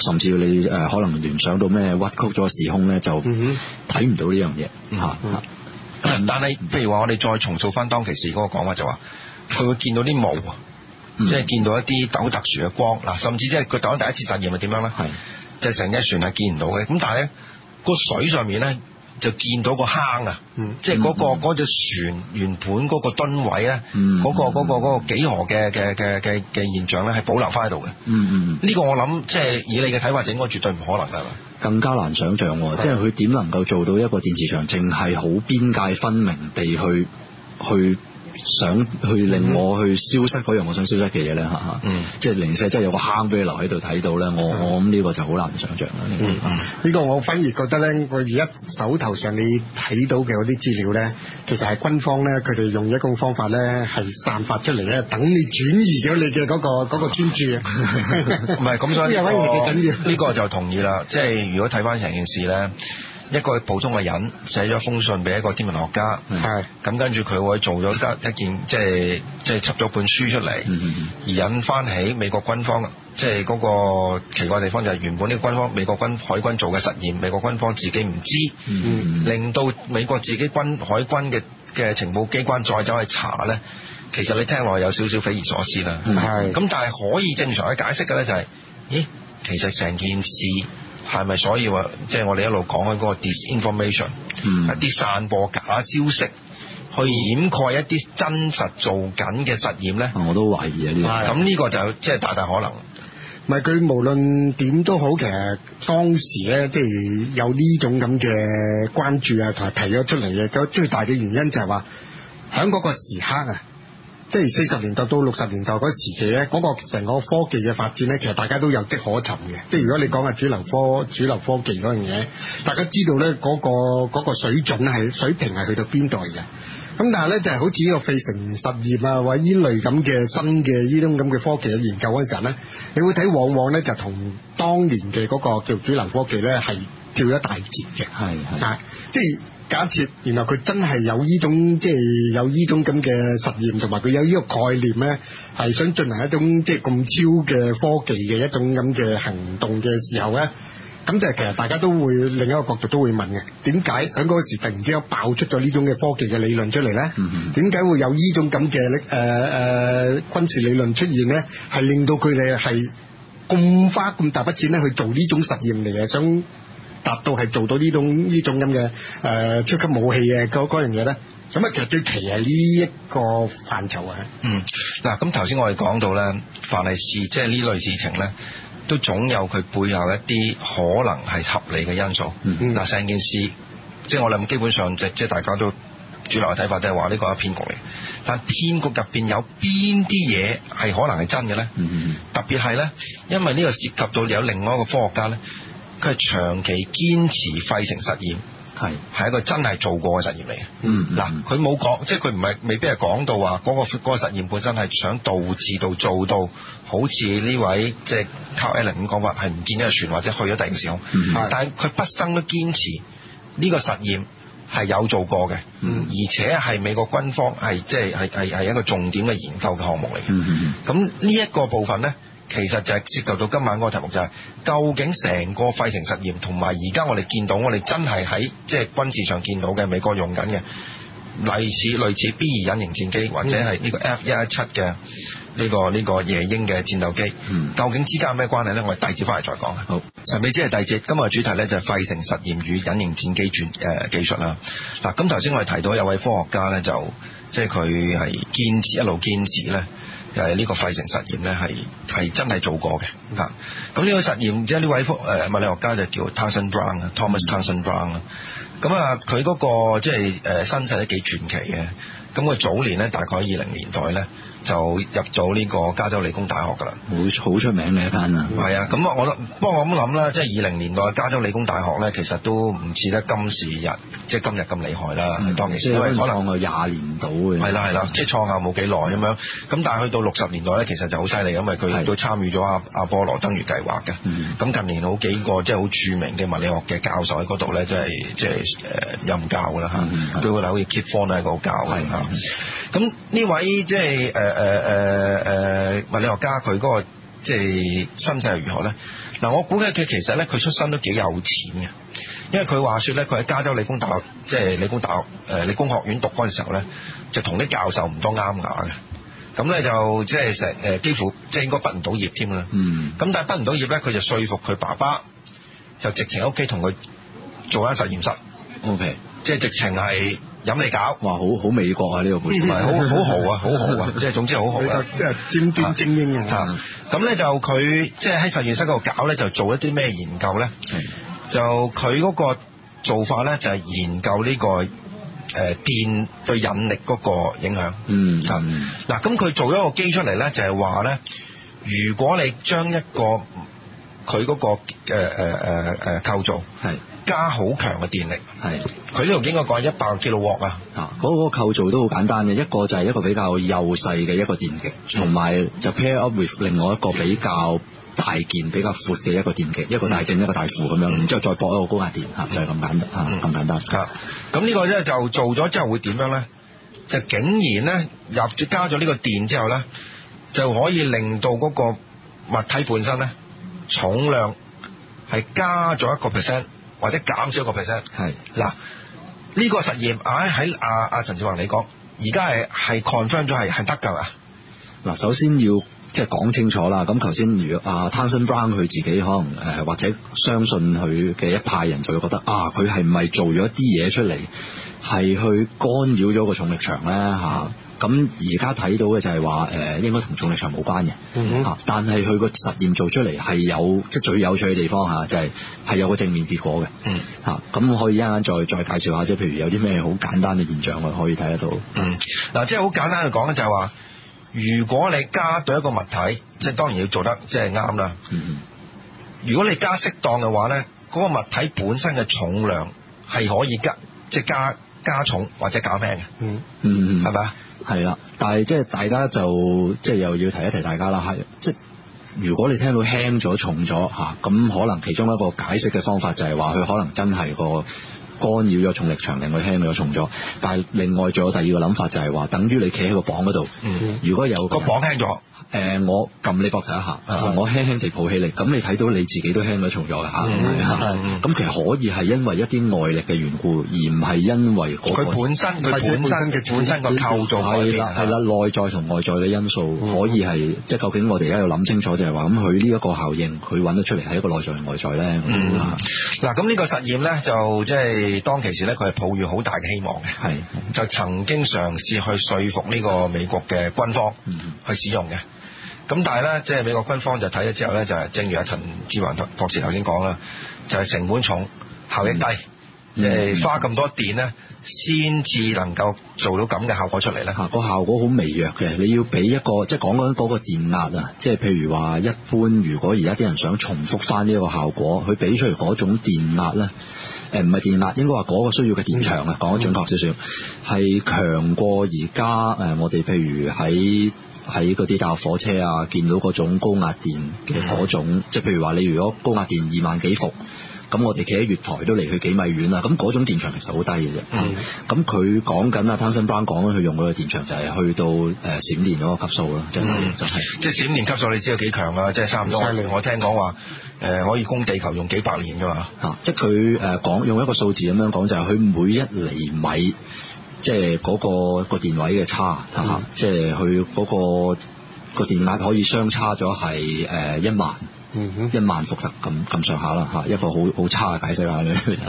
甚至你、呃、可能聯想到咩屈曲咗時空呢，就睇唔到呢樣嘢嚇但係，譬如話，我哋再重做返當其時嗰個講法就，就話佢會見到啲霧、嗯，即係見到一啲好特殊嘅光甚至即係佢第一第一次實驗係點樣即係成隻船係見唔到嘅。咁但係呢個水上面呢，就見到個坑啊、嗯！即係嗰、嗰個隻、嗯嗰個、船原本嗰個敦位呢，嗰、嗯嗰個嗰、嗰個幾何嘅、嗰個嗰個、現象呢，係保留返喺度嘅。嗯嗯呢、呢個我諗即係以你嘅睇法就應該絕對唔可能㗎啦。更加難想像喎，即係佢點能夠做到一個電磁場，淨係好邊界分明地去去，想去令我去消失嗰樣，我想消失嘅嘢咧嚇嚇，即係零舍，真係有個坑俾你留喺度睇到咧。我我咁呢個就好難想像啦。呢、嗯嗯呢個我反而覺得咧，我而家手頭上你睇到嘅嗰啲資料咧，其實係軍方咧，佢哋用一個方法咧，係散發出嚟咧，等你轉移咗你嘅嗰、嗰個嗰、嗰個專注。唔係咁所以呢 (laughs) 個就同意啦。 (laughs) 即係如果睇翻成件事咧。一個普通嘅人寫咗封信俾一個天文學家，係咁跟住佢會做咗一件，即係即係輯咗本書出嚟、嗯，而引翻起美國軍方，即係嗰個奇怪嘅地方就係原本呢個軍方美國軍海軍做嘅實驗，美國軍方自己唔知、嗯，令到美國自己軍海軍嘅嘅情報機關再走去查呢，其實你聽落有少少匪夷所思啦。咁、嗯，但係可以正常去解釋嘅呢就係、是、咦，其實成件事。係咪所以話，即、就、係、是、我哋一路講緊嗰個 disinformation，、嗯、一啲散播假消息，去掩蓋一啲真實做緊嘅實驗咧、嗯？我都懷疑啊！呢、這個咁呢個就即係大大可能。唔、嗯、佢無論點都好，其實當時咧即係有呢種咁嘅關注啊，同埋提咗出嚟嘅。最大嘅原因就係、是、話，喺嗰個時刻啊。即係四十年代到六十年代嗰時期咧，嗰、嗰個成個科技嘅發展咧，其實大家都有跡可尋嘅。即係如果你講係主流科、主流科技嗰樣嘢，大家知道咧、嗰、嗰、個嗰個水準係水平係去到邊度嘅。咁但係咧就係好似呢個費城實驗啊或者呢類咁嘅新嘅呢種咁嘅科技嘅研究嗰陣時咧，你會睇往往咧就同當年嘅嗰個叫主流科技咧係跳一大截嘅，係係，即係。假設，原來佢真係有呢種，即係有呢種咁嘅實驗，同埋佢有呢個概念呢，係想進行一種即係咁超嘅科技嘅一種咁嘅行動嘅時候呢，咁就係其實大家都會另一個角度都會問嘅，點解喺嗰時突然之間爆出咗呢種嘅科技嘅理論出嚟呢？點、嗯、解、嗯、會有呢種咁嘅誒誒軍事理論出現呢？係令到佢哋係咁花咁大筆錢咧去做呢種實驗嚟，嘅？」想？達到係做到呢種呢種咁嘅誒超級武器嘅嗰樣嘢咧，咁啊其實最奇係呢一個範疇啊。嗯，嗱咁頭先我哋講到咧，凡係事即係呢類事情咧，都總有佢背後一啲可能係合理嘅因素。嗱、嗯、成件事，即係我諗基本上即即係大家都主流嘅睇法都係話呢個係騙局嚟，但騙局入面有邊啲嘢係可能係真嘅咧、嗯？特別係咧，因為呢個涉及到有另外一個科學家咧。佢係長期堅持費城實驗，係一個真係做過嘅實驗嚟嘅。嗱、嗯，佢冇講，即係佢唔係未必係講到話嗰個嗰個實驗本身係想導致到做到好似呢位即係 Carl Allen 講講話係唔見咗個船或者去咗第二個時空，嗯、但係佢畢生都堅持呢個實驗係有做過嘅、嗯，而且係美國軍方係即係、係係係、一個重點嘅研究項目嚟。咁呢一個部分呢。其實就係涉及到今晚嗰個題目、就係，就係究竟成個費城實驗同埋而家我哋見到，我哋真係喺即係軍事上見到嘅美國用緊嘅，類似類似,似 B 二隱形戰機或者係呢、呢個 F 一一七嘅呢個呢個夜鷹嘅戰鬥機、嗯，究竟之間有咩關係呢？我哋第二節翻嚟再講。好，神秘之夜係第二節，今日嘅主題呢就係費城實驗與隱形戰機技術啦。嗱，咁頭先我哋提到有位科學家呢，就即係佢係堅持一路堅持呢。誒，呢個費城實驗咧，係係真係做過嘅吓。咁呢個實驗即係呢位誒物理學家就叫 Townsend Brown 啊，Thomas Townsend Brown 啊。咁啊，佢嗰個即係誒身世，都幾傳奇嘅。咁佢早年咧，大概二零年代咧。就入咗呢個加州理工大學㗎啦，好好出名嘅一間啊？係啊，咁我諗，不過我咁諗啦，即係二零年代加州理工大學咧，其實都唔似得今時日，即、就、係、是、今日咁厲害啦、嗯。當其時，因為可能廿年到嘅，係啦係啦，即係、啊啊啊啊、創校冇幾耐咁樣。咁、嗯、但係去到六十年代咧，其實就好犀利，因為佢都參與咗阿阿波羅登月計劃嘅。咁、啊嗯、近年好幾個即係好著名嘅物理學嘅教授喺嗰度咧，即係即係誒任教㗎啦嚇。佢個係好似 Keep on 喺度教㗎。咁呢位即係誒誒誒誒物理學家，佢嗰、那個即係、就是、身世如何咧？嗱，我估計佢其實咧，佢出身都幾有錢嘅，因為佢話說咧，佢喺加州理工大學即係、就是、理工大學誒理工學院讀嗰時時候咧，就同啲教授唔多啱眼嘅，咁咧就即係成誒幾乎即係、就是、應該畢唔到業添啦。嗯。咁但係畢唔到業咧，佢就說服佢爸爸，就直情喺屋企同佢做間實驗室。O K，即係直情係。飲你搞，哇！好好美國啊，呢、這個配方， (laughs) 好好豪啊，好好豪啊，即 (laughs) 係總之好好啊，即係尖端精英啊。咁、嗯、咧、嗯嗯、就佢即係喺實驗室嗰度搞咧，就做一啲咩研究咧？就佢嗰個做法咧，就係研究呢研究、這個誒、呃、電對引力嗰個影響。嗯嗱，咁、就、佢、是、做咗個機出嚟咧，就係話咧，如果你將一個佢嗰、那個誒誒誒誒構造係。加好強嘅電力，係佢呢度應該講一百兆瓦啊。嗰、那個構造都好簡單嘅，一個就係一個比較幼細嘅一個電極，同埋就 pair up with 另外一個比較大件、比較闊嘅一個電極、嗯，一個大正，一個大負咁樣，然之後再駁一個高壓電，吓就係、是、咁簡單，吓咁簡單吓。咁、啊、呢個咧就做咗之後會點樣咧？就竟然咧入加咗呢個電之後咧，就可以令到嗰個物體本身咧重量係加咗一個 percent。或者減少個 percent 係，嗱，呢個實驗，哎喺阿阿陳志宏你講，而家係係 confirm 咗係係得㗎嘛？嗱，首先要即係講清楚啦。咁頭先如果阿 Townsend Brown 佢自己可能誒或者相信佢嘅一派人就會覺得啊，佢係唔係做咗啲嘢出嚟係去干擾咗個重力場咧嚇？啊。咁而家睇到嘅就係話，誒應該同重力場冇關嘅、嗯，但係佢個實驗做出嚟係有即係、就是、最有趣嘅地方嚇，就係、是、係有個正面結果嘅，咁、嗯、咁、啊、可以一陣再再介紹下即係譬如有啲咩好簡單嘅現象我可以睇得到。嗱、嗯，即係好簡單嘅講咧，就係話，如果你加對一個物體，即係當然要做得即係啱啦。如果你加適當嘅話咧，嗰、那個物體本身嘅重量係可以加，即、就是、加加重或者減咩嘅。嗯嗯，係咪啊？係啦，但係即係大家就即係又要提一提大家啦，係即係如果你聽到輕咗重咗吓，咁可能其中一個解釋嘅方法就係話佢可能真係個干擾咗重力場，令佢輕咗重咗。但係另外仲有第二個諗法就，就係話等於你企喺個磅嗰度，如果有個磅、那個、輕咗，誒、呃、我撳你膊頭一下，嗯、我輕輕地抱起你，咁你睇到你自己都輕咗重咗嘅吓。咁、嗯嗯、其實可以係因為一啲外力嘅緣故，而唔係因為嗰個本身佢本身嘅本身個構造改變，係啦，內在同外在嘅因素、嗯、可以係即係究竟我哋而家要諗清楚就，就係話咁佢呢一個效應，佢揾得出嚟係一個內在定外在咧？嗱、嗯，嗱咁呢個實驗咧，就即係。當其時咧，佢係抱有好大嘅希望嘅，係就曾經嘗試去說服呢個美國嘅軍方去使用嘅。咁、嗯、但係呢，即係美國軍方就睇咗之後呢，就係正如阿陳志宏博士頭先講啦，就係、是、成本重、效益低，即、嗯嗯就是、花咁多電呢，先至能夠做到咁嘅效果出嚟咧。個、啊、效果好微弱嘅，你要俾一個，即係講緊嗰個電壓啊，即係譬如話一般，如果而家啲人想重複翻呢個效果，佢俾出嚟嗰種電壓呢。誒唔係電壓，應該話嗰個需要嘅電場啊、嗯，講得準確少少，係、嗯、強過而家誒我哋譬如喺喺嗰啲搭火車啊，見到嗰種高壓電嘅嗰種，即、嗯、係譬如話你如果高壓電二萬幾伏，咁我哋企喺月台都離佢幾米遠啦，咁嗰種電場其實好低嘅啫。嗯，咁佢講緊啊，Townsend Brown 講佢用嗰個電場就係去到誒閃電嗰個級數啦、嗯，就係、是、即係閃電級數，你知道有幾強啊？即係差唔多。我聽講話。嗯誒，可以供地球用幾百年噶嘛？嚇，啊，即係佢講用一個數字咁樣講，就係、是、佢每一厘米，即係嗰個、那個電位嘅差即係佢嗰個、那個電壓可以相差咗係、呃、一萬，嗯、哼一萬伏特咁咁上下啦，一個好好、嗯、差嘅解釋啦你。嗱、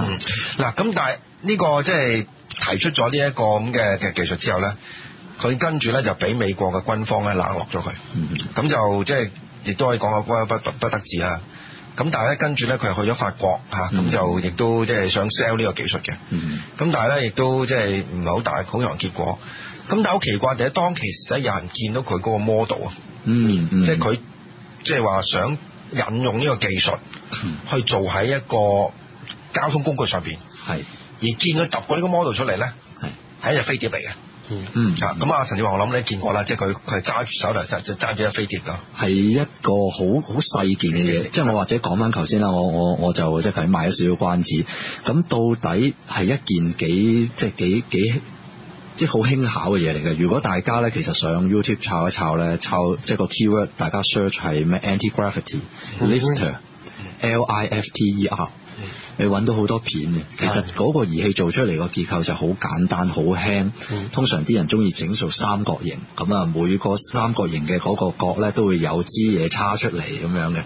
嗯、咁、啊，但係、這、呢個即係、就是、提出咗呢一個咁嘅嘅技術之後咧，佢跟住咧就俾美國嘅軍方咧冷落咗佢，咁、嗯、就即係。就是亦都可以講下光陰不不得志啦。咁但係咧，跟住咧，佢係去咗法國嚇，咁就亦都即係想 sell 呢個技術嘅。咁、嗯、但係咧，亦都即係唔係好大好有結果。咁但係好奇怪是、嗯嗯，就喺當其時咧，有人見到佢嗰個 model 啊，即係佢即係話想引用呢個技術去做喺一個交通工具上邊。係、嗯、而見到揼過呢個 model 出嚟咧，係一隻飛碟嚟嘅。嗯嗯，咁、嗯、啊，陳志宏我諗你見過啦，即係佢佢係揸住手嚟揸就揸住一飛碟咯，係一個好好細件嘅嘢、嗯，即係我或者講翻頭先啦，我我我就即係佢賣咗少少關子，咁到底係一件幾，幾，幾，幾即係幾幾即係好輕巧嘅嘢嚟嘅，如果大家咧其實上 YouTube 抄一抄咧，抄即係個 keyword 大家 search 係咩 anti gravity、嗯、lifter L I F T E R。L-I-F-T-E-R, 你揾到好多片嘅，其實嗰個儀器做出嚟個結構就好簡單、好輕。通常啲人鍾意整做三角形，咁啊每個三角形嘅嗰個角咧都會有支嘢叉出嚟咁樣嘅。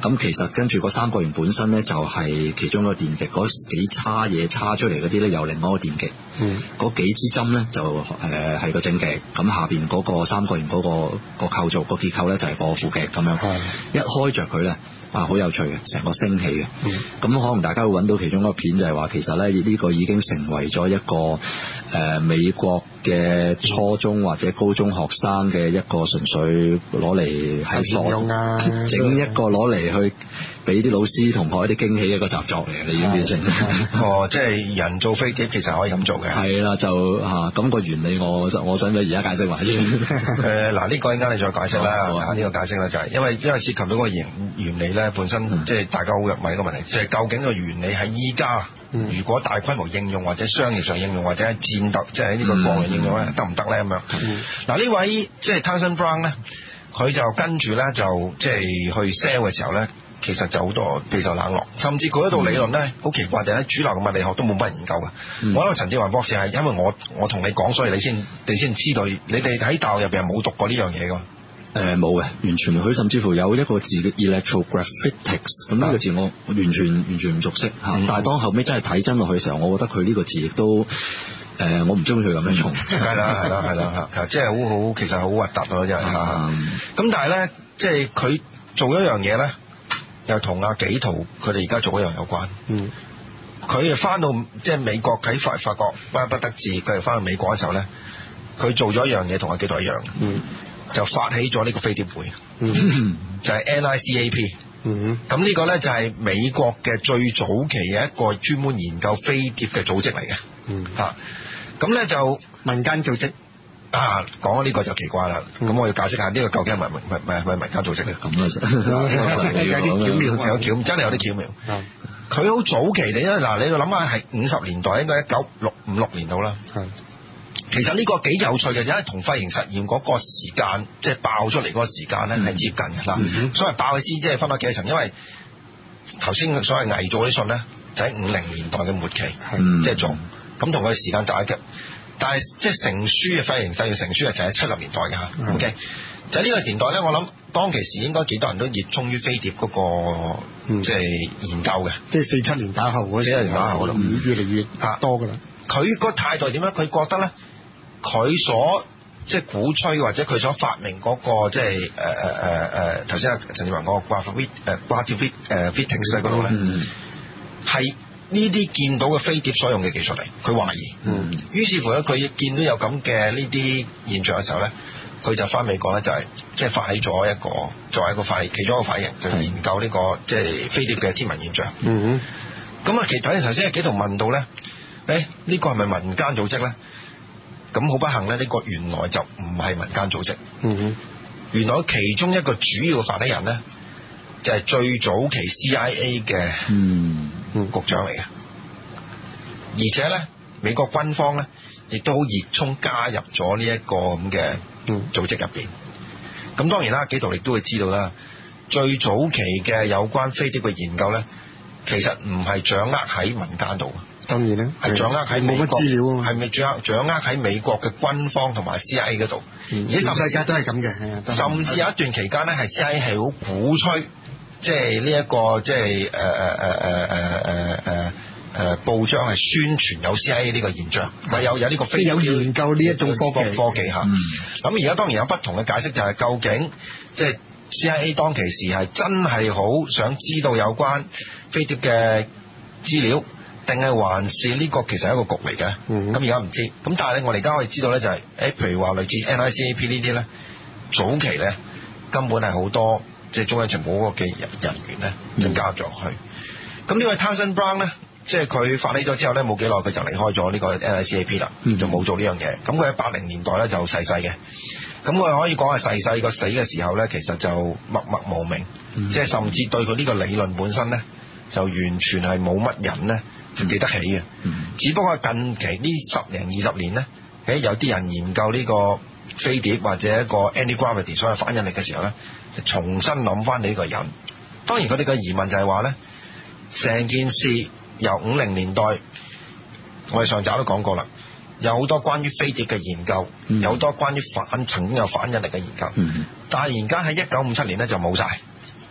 咁、嗯、其實跟住個三角形本身咧就係其中一個電極，嗰幾叉嘢叉出嚟嗰啲咧有另外個電極。嗯，嗰幾支針咧就誒係、呃、個正極，咁下邊嗰個三角形嗰個、那個那個構造、那個構造那個結構咧就係個負極咁樣。係，一開着佢咧，哇好有趣嘅，成個升起嘅。嗯，咁可能大家會揾到其中一個片就，就係話其實咧呢、這個已經成為咗一個誒、呃、美國嘅初中或者高中學生嘅一個純粹攞嚟喺課整一個攞嚟去。俾啲老師同學一啲驚喜嘅一個習作嚟嘅，已經變成哦，即 (laughs) 係、哦就是、人造飛機其實可以咁做嘅。係啦，就嚇咁、啊那個原理我，我我我想而家解釋埋先、 (laughs) 呃。誒嗱，呢個陣間你再解釋啦。呢、哦啊這個解釋咧就係、是、因為因為涉及到個原原理咧，本身即係、嗯就是、大家好入迷個問題，就係、是、究竟個原理喺依家如果大規模應用或者商業上應用或者戰鬥，即係呢個國外應用咧，得唔得咧？咁、嗯、樣嗱，呢、嗯啊、位即係、就是、Townsend Brown 咧，佢就跟住咧就即係、就是、去 sell 嘅時候咧。其實就好多備受冷落，甚至佢嗰套理論咧好、嗯、奇怪嘅，喺、就係、主流嘅物理學都冇乜研究嘅。嗯、我講陳志宏博士係因為我我同你講，所以你先你先知道，你哋喺大學入邊係冇讀過呢樣嘢㗎。誒冇嘅，完全佢甚至乎有一個字、嗯、electrographics，咁呢個字我完全、嗯、完全唔熟悉、嗯、但係當後尾真係睇真落去嘅時候，我覺得佢呢個字亦都、呃、我唔中意佢咁樣用。係啦係啦係啦即係好好其實好核突咯，又嚇。咁、嗯、但係咧，即係佢做一樣嘢咧。又同阿幾圖佢哋而家做一樣有關。嗯，佢啊翻到即係美國喺法法國，不不得志。佢哋翻到美國嘅時候咧，佢做咗一樣嘢同阿幾圖一樣、嗯、就發起咗呢個飛碟會。嗯、就係、是、NICAP、嗯。咁呢個咧就係、是、美國嘅最早期嘅一個專門研究飛碟嘅組織嚟嘅。嗯，嚇、啊，咁咧就民間組織。啊，講呢個就奇怪啦。咁、嗯、我要解釋下，呢、呢個究竟係咪咪咪咪民間組織嘅？咁啊、就係， (laughs) 真有啲巧妙，有真係有啲巧妙。佢好早期嘅，因嗱，你要諗下係五十年代，應該一九六五六年度啦。其實呢個幾有趣嘅，因為同費城實驗嗰個時間，即、就、係、是、爆出嚟嗰個時間咧係、嗯、接近嘅啦、嗯。所以爆嘅先即係分咗幾多層，因為頭先所謂偽造啲信咧，就喺五零年代嘅末期，即係仲咁同佢時間打一但係，即係成書嘅飛行製成書係就喺七十年代㗎，OK？就喺呢個年代咧，我諗當其時應該幾多人都熱衷於飛碟嗰個，即係研究嘅，即係四七年打後四七年打後，越嚟越多㗎啦、啊。佢嗰個態度點樣？佢覺得咧，佢所即係、就是、鼓吹或者佢所發明嗰、那個，即係誒誒誒誒，頭先阿陳志宏講掛 fit 誒 fitting 式嗰個咧，係。呢啲見到嘅飛碟所用嘅技術嚟，佢懷疑。嗯，於是乎咧，佢見到有咁嘅呢啲現象嘅時候咧，佢就返美國咧，就係即係發起咗一個作為一個反其中一個反應，就是、研究呢、這個即係、就是、飛碟嘅天文現象。嗯，咁啊，其實睇頭先係幾度問到咧，誒、哎、呢、這個係咪民間組織咧？咁好不幸咧，呢、這個原來就唔係民間組織。嗯，嗯，原來其中一個主要嘅發起人咧。就係、是、最早期 CIA 嘅嗯，局長嚟嘅，而且咧美國軍方咧亦都好熱衷加入咗呢一個咁嘅組織入邊。咁、嗯、當然啦，紀陶你都會知道啦。最早期嘅有關飛碟嘅研究咧，其實唔係掌握喺民間度嘅，當然咧係掌握喺冇乜資料啊，係咪掌握掌握喺美國嘅軍方同埋 CIA 嗰度、嗯？而家全世界都係咁嘅，啊、甚至有一段期間咧，係 CIA 係好鼓吹。即係呢一個，即係誒誒誒誒誒誒誒誒報章係宣傳有 CIA 呢個現象，唔係有有呢個飛有研究呢一種科技。咁而家當然有不同嘅解釋，就係、是、究竟即係、就是、CIA 當其時係真係好想知道有關飛碟嘅資料，定係還是呢個是其實係一個局嚟嘅？咁而家唔知。咁但係咧，我哋而家可以知道咧，就係、是、誒，譬如話類似 NICAP 呢啲咧，早期咧根本係好多。即係中央情報嗰個嘅人人員咧、嗯，就加入去。咁呢位 Townsend Brown 咧，即係佢發起咗之後咧，冇幾耐佢就離開咗呢個 N I C A P 啦、嗯，就冇做呢樣嘢。咁佢喺八零年代咧就細細嘅，咁佢可以講係細細個死嘅時候咧，其實就默默無名，嗯、即係甚至對佢呢個理論本身咧，就完全係冇乜人咧就記得起嘅、嗯。只不過近期呢十零二十年咧，誒有啲人研究呢個飛碟或者一個 anti gravity 所有反引力嘅時候咧。重新諗翻你呢個人，當然佢哋個疑問就係話咧，成件事由五零年代，我哋上集都講過啦，有好多關於飛碟嘅研究，有好多關於反重力、反引力嘅研究，但係而家喺一九五七年咧就冇晒，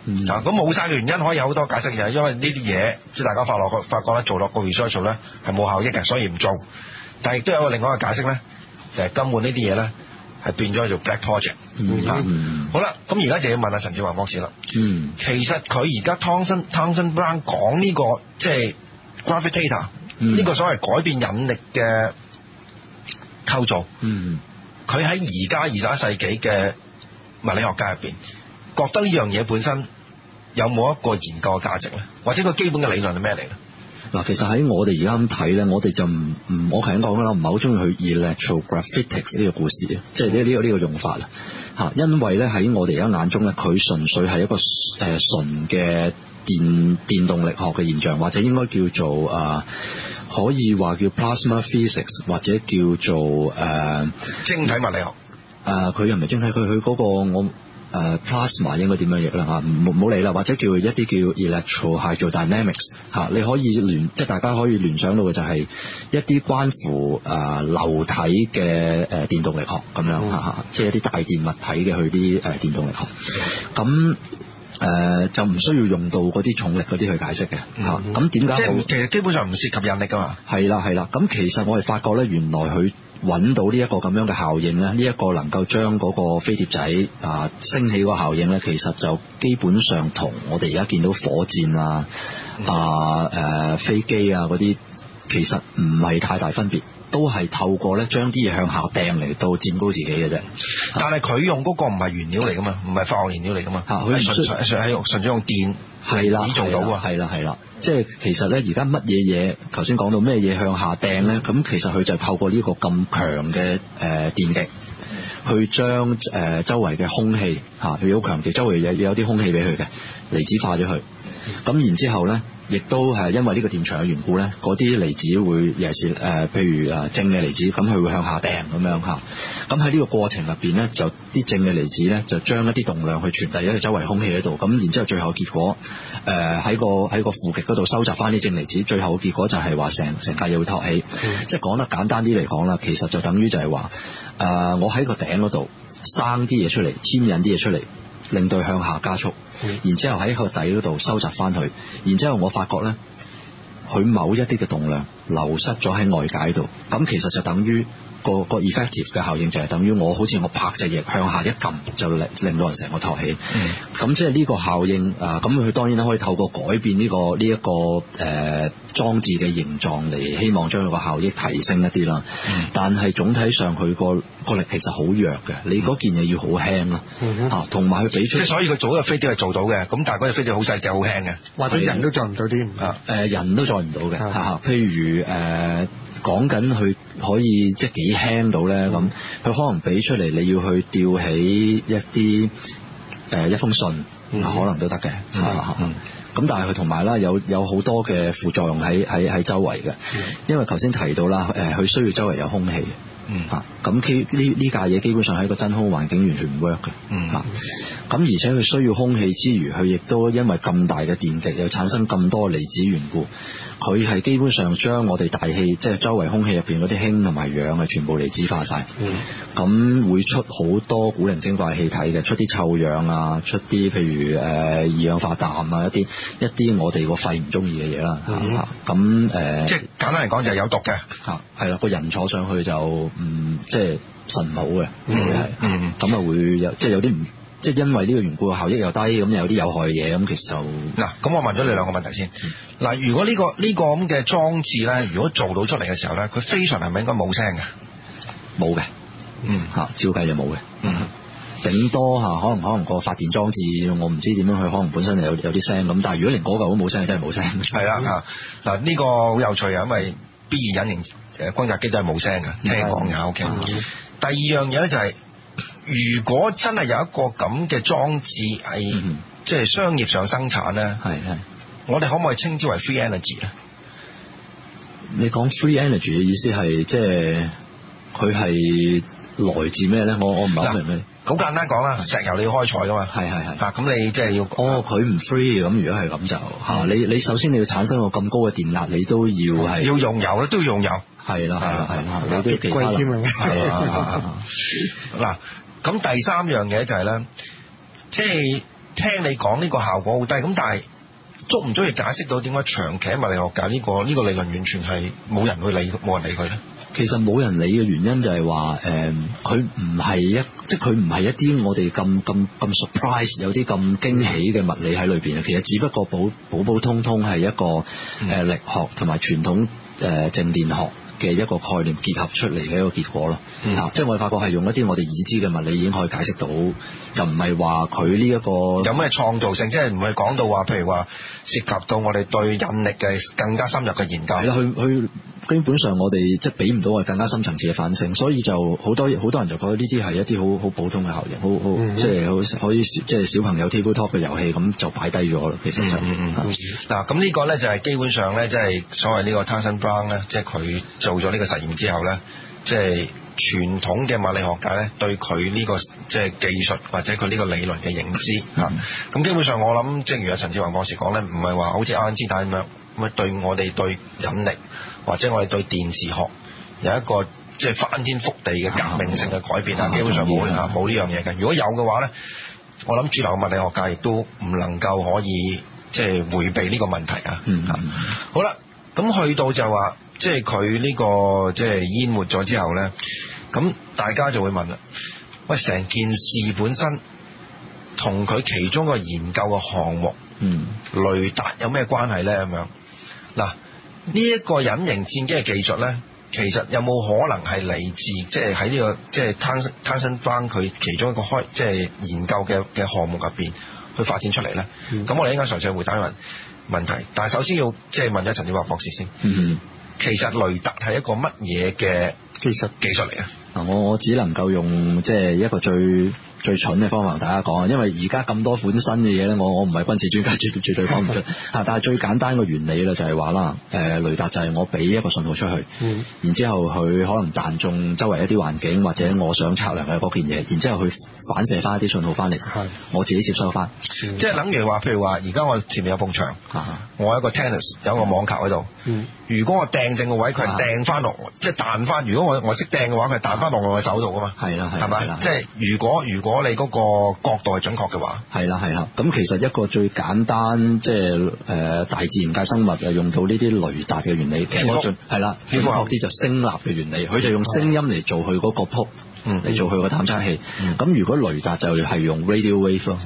嗱，咁冇晒嘅原因可以有好多解釋，就係因為呢啲嘢，即係大家發落發發覺咧，做落個 research 咧係冇效益嘅，所以唔做，但係亦都有一個另外嘅解釋咧，就係、是、根本呢啲嘢咧。係變咗做 black project，嗯，嗯，嗯，好啦，咁而家就要問下陳志宏博士啦。嗯、mm-hmm.，其實佢而家湯森湯森布朗講呢個即係、就是、gravitator，呢、mm-hmm. 個所謂改變引力嘅構造，嗯，佢喺而家二十一世紀嘅物理學界入邊，覺得呢樣嘢本身有冇一個研究嘅價值咧？或者個基本嘅理論係咩嚟咧？嗱，其實喺我哋而家咁睇咧，我哋就唔唔，我頭先講啦，唔係好中意去 electrographitics 呢個故事啊，即係呢呢個呢個用法啊，吓，因為咧喺我哋而家眼中咧，佢純粹係一個誒純嘅電電動力學嘅現象，或者應該叫做啊、呃，可以話叫 plasma physics，或者叫做誒晶、呃、體物理學誒，佢、呃、又唔係晶體佢佢、嗰個我。誒、uh, plasma 應該點樣譯啦嚇，唔好理啦，或者叫一啲叫 electrohydrodynamics 嚇、啊，你可以聯即係大家可以聯想到嘅就係一啲關乎誒、啊、流體嘅誒電動力學咁樣嚇，即係一啲大電物體嘅佢啲誒電動力學，咁、啊、誒、嗯啊、就唔需要用到嗰啲重力嗰啲去解釋嘅嚇，咁點解即係其實基本上唔涉及引力㗎嘛，係啦係啦，咁其實我哋發覺咧，原來佢。揾到呢一個咁樣嘅效應咧，呢、這、一個能夠將個飛碟仔啊升起個效應咧，其實就基本上同我哋而家見到火箭啊、啊、誒、啊、飛機啊啲，其實唔係太大分別。都係透過咧將啲嘢向下掟嚟到佔高自己嘅啫。但係佢用嗰個唔係原料嚟噶嘛，唔係化學原料嚟噶嘛。佢純粹純係用純粹用電係啦，係啦，係啦。即係其實咧，而家乜嘢嘢頭先講到咩嘢向下掟咧？咁其實佢就係透過呢個咁強嘅電極去將周圍嘅空氣佢，我要強調周圍有有啲空氣俾佢嘅離子化咗佢。咁然之後呢，亦都係因為呢個電場嘅緣故呢，嗰啲離子會又係誒，譬如、呃、正嘅離子，咁佢會向下掟咁樣下，咁喺呢個過程入面呢，就啲正嘅離子呢，就將一啲動量去傳遞咗去周圍空氣喺度。咁然之後最後結果，誒、呃、喺個喺個負極嗰度收集翻啲正離子。最後嘅結果就係話，成成架又會托起。 (laughs) 即係講得簡單啲嚟講啦，其實就等於就係話，誒、呃、我喺個頂嗰度生啲嘢出嚟，牽引啲嘢出嚟。令到向下加速，然之後喺個底嗰度收集翻去，然之後我發覺呢，佢某一啲嘅動量流失咗喺外界度，咁其實就等於。個個 effective 嘅效應就係等於我好似我拍隻翼向下一撳就令到人成個托起，咁、嗯、即係呢個效應啊！咁佢當然可以透過改變呢、這個呢一、這個誒、呃、裝置嘅形狀嚟，希望將佢個效益提升一啲啦。嗯、但係總體上佢個個力其實好弱嘅，你嗰件嘢要好輕咯同埋佢俾出，即、嗯、係所以佢組就飛碟係做到嘅，咁但係嗰隻飛碟好細隻，好輕嘅，佢人都做唔到啲啊,啊,啊！人都做唔到嘅、啊、譬如、啊講緊佢可以即係幾輕到咧咁，佢可能俾出嚟你要去吊起一啲誒一封信，嗯、可能都得嘅。咁但係佢同埋啦，有有好多嘅副作用喺喺喺周圍嘅，嗯、因為頭先提到啦，誒佢需要周圍有空氣。嗯啊，咁呢呢架嘢基本上喺個真空環境完全唔 work 嘅，嗯咁、啊、而且佢需要空氣之餘，佢亦都因為咁大嘅電極又產生咁多離子緣故，佢係基本上將我哋大氣即係周圍空氣入邊嗰啲氫同埋氧、嗯、啊，全部離子化晒，咁會出好多古靈精怪氣體嘅，出啲臭氧啊，出啲譬如誒、呃、二氧化氮啊，一啲一啲我哋個肺唔中意嘅嘢啦，咁、嗯、誒、啊啊，即係簡單嚟講就係有毒嘅，吓、啊，係啦、啊，個人坐上去就。嗯，即係神唔好嘅，係，嗯，咁啊、嗯、會有，即係有啲唔，即係因為呢個緣故，效益又低，咁有啲有害嘢，咁其實就嗱，咁我問咗你兩個問題先，嗱、嗯，如果、這個這個、裝置，呢個呢個咁嘅裝置咧，如果做到出嚟嘅時候咧，佢非常係咪應該冇聲噶？冇嘅，嗯，吓、嗯，照計就冇嘅，嗯，頂多吓，可能可能個發電裝置，我唔知點樣去，可能本身就有有啲聲咁，但係如果連嗰個都冇聲，真係冇聲，係啦，吓、嗯，嗱、嗯，呢、啊這個好有趣啊，因為必然隱形。誒轟炸機都係冇聲㗎，聽講下 OK、嗯嗯。第二樣嘢咧就係、是，如果真係有一個咁嘅裝置係即係商業上生產咧，係、嗯、係、嗯，我哋可唔可以稱之為 free energy 咧？你講 free energy 嘅意思係即係佢係來自咩咧？我我唔係明嘅。好，那那簡單講啦，石油你要開採噶嘛？係係係。嗱咁你即係要哦，哦佢唔 free 咁，如果係咁就嚇你你首先你要產生個咁高嘅電壓，你都要係要用油咧，都要用油。係啦，係啦，係啦，你都幾貴添啊？係啊，嗱，咁第三樣嘢就係咧，即係聽你講呢個效果好低，咁但係，足唔足以解釋到點解長期喺物理學界呢個呢個理論完全係冇人去理，冇人理佢咧？其實冇人理嘅原因就係話，誒佢唔係一，即係佢唔係一啲我哋咁咁咁 surprise 有啲咁驚喜嘅物理喺裏邊啊。其實只不過普普普通通係一個誒力學同埋傳統誒靜電學。嘅一個概念結合出嚟嘅一個結果咯，嗯，吓，即係我哋發覺係用一啲我哋已知嘅物理已經可以解釋到，就唔係話佢呢一個有咩創造性，即係唔係講到話，譬如話涉及到我哋對引力嘅更加深入嘅研究。係啦，去去。基本上我哋即係俾唔到我哋更加深層次嘅反省，所以就好多好多人就覺得呢啲係一啲好好普通嘅效應，好好即係可以即係、就是、小朋友 table top 嘅遊戲咁就擺低咗咯。其實就嗱咁呢個咧就係基本上咧，即、嗯、係、嗯嗯就是、所謂呢個 Townsend Brown 咧，即係佢做咗呢個實驗之後咧，即、就、係、是、傳統嘅物理學家咧對佢呢個即係技術或者佢呢個理論嘅認知嚇。咁、嗯、基本上我諗，即、就、係、是、如阿陳志宏博士講咧，唔係話好似阿 Einstein 咁樣，咁啊對我哋對引力，或者我哋對電磁學有一個即係翻天覆地嘅革命性嘅改變啊，基本上冇啊，冇呢樣嘢嘅。如果有嘅話咧，我諗主流嘅物理學界亦都唔能夠可以即係回避呢個問題啊。嗯嗯。好啦，咁去到就話，即係佢呢個即係淹沒咗之後咧，咁大家就會問啦，喂，成件事本身同佢其中個研究嘅項目，嗯，雷達有咩關係咧？咁樣嗱。呢、這、一個隱形戰機嘅技術呢，其實有冇可能係嚟自即係喺呢個即係攤攤伸翻佢其中一個開即係，就是，研究嘅嘅項目入邊去發展出嚟呢？咁，嗯、我哋應該詳細回答一問問題，但係首先要即係問咗陳志宏博士先。嗯，其實雷達係一個乜嘢嘅技術技術嚟啊？我我只能夠用即係一個最。最蠢嘅方法同大家講，啊，因為而家咁多款新嘅嘢咧，我我唔係軍事專家，絕對絕對講唔出嚇。 (laughs) 但係最簡單嘅原理咧，就係話啦，誒雷達就係我俾一個信號出去，然之後佢可能彈中周圍一啲環境或者我想測量嘅嗰件嘢，然之後佢。反射翻一啲信號翻嚟，我自己接收翻、嗯，即係等於話，譬如話，而家我前面有埲牆、啊，我有個 tennis 有個網球喺度、嗯，如果我掟正個位，佢係掟翻落，即係彈翻。如果我我識掟嘅話，佢彈翻落我嘅手度㗎嘛，係啦，係嘛，即係如果如果你嗰個角度係準確嘅話，係啦，係啦，咁其實一個最簡單即係大自然界生物又用到呢啲雷達嘅原理，飛係啦，飛屋啲就聲納嘅原理，佢就，就用聲音嚟做佢嗰個波。嚟做佢個探測器，咁、嗯、如果雷達就係用 radio wave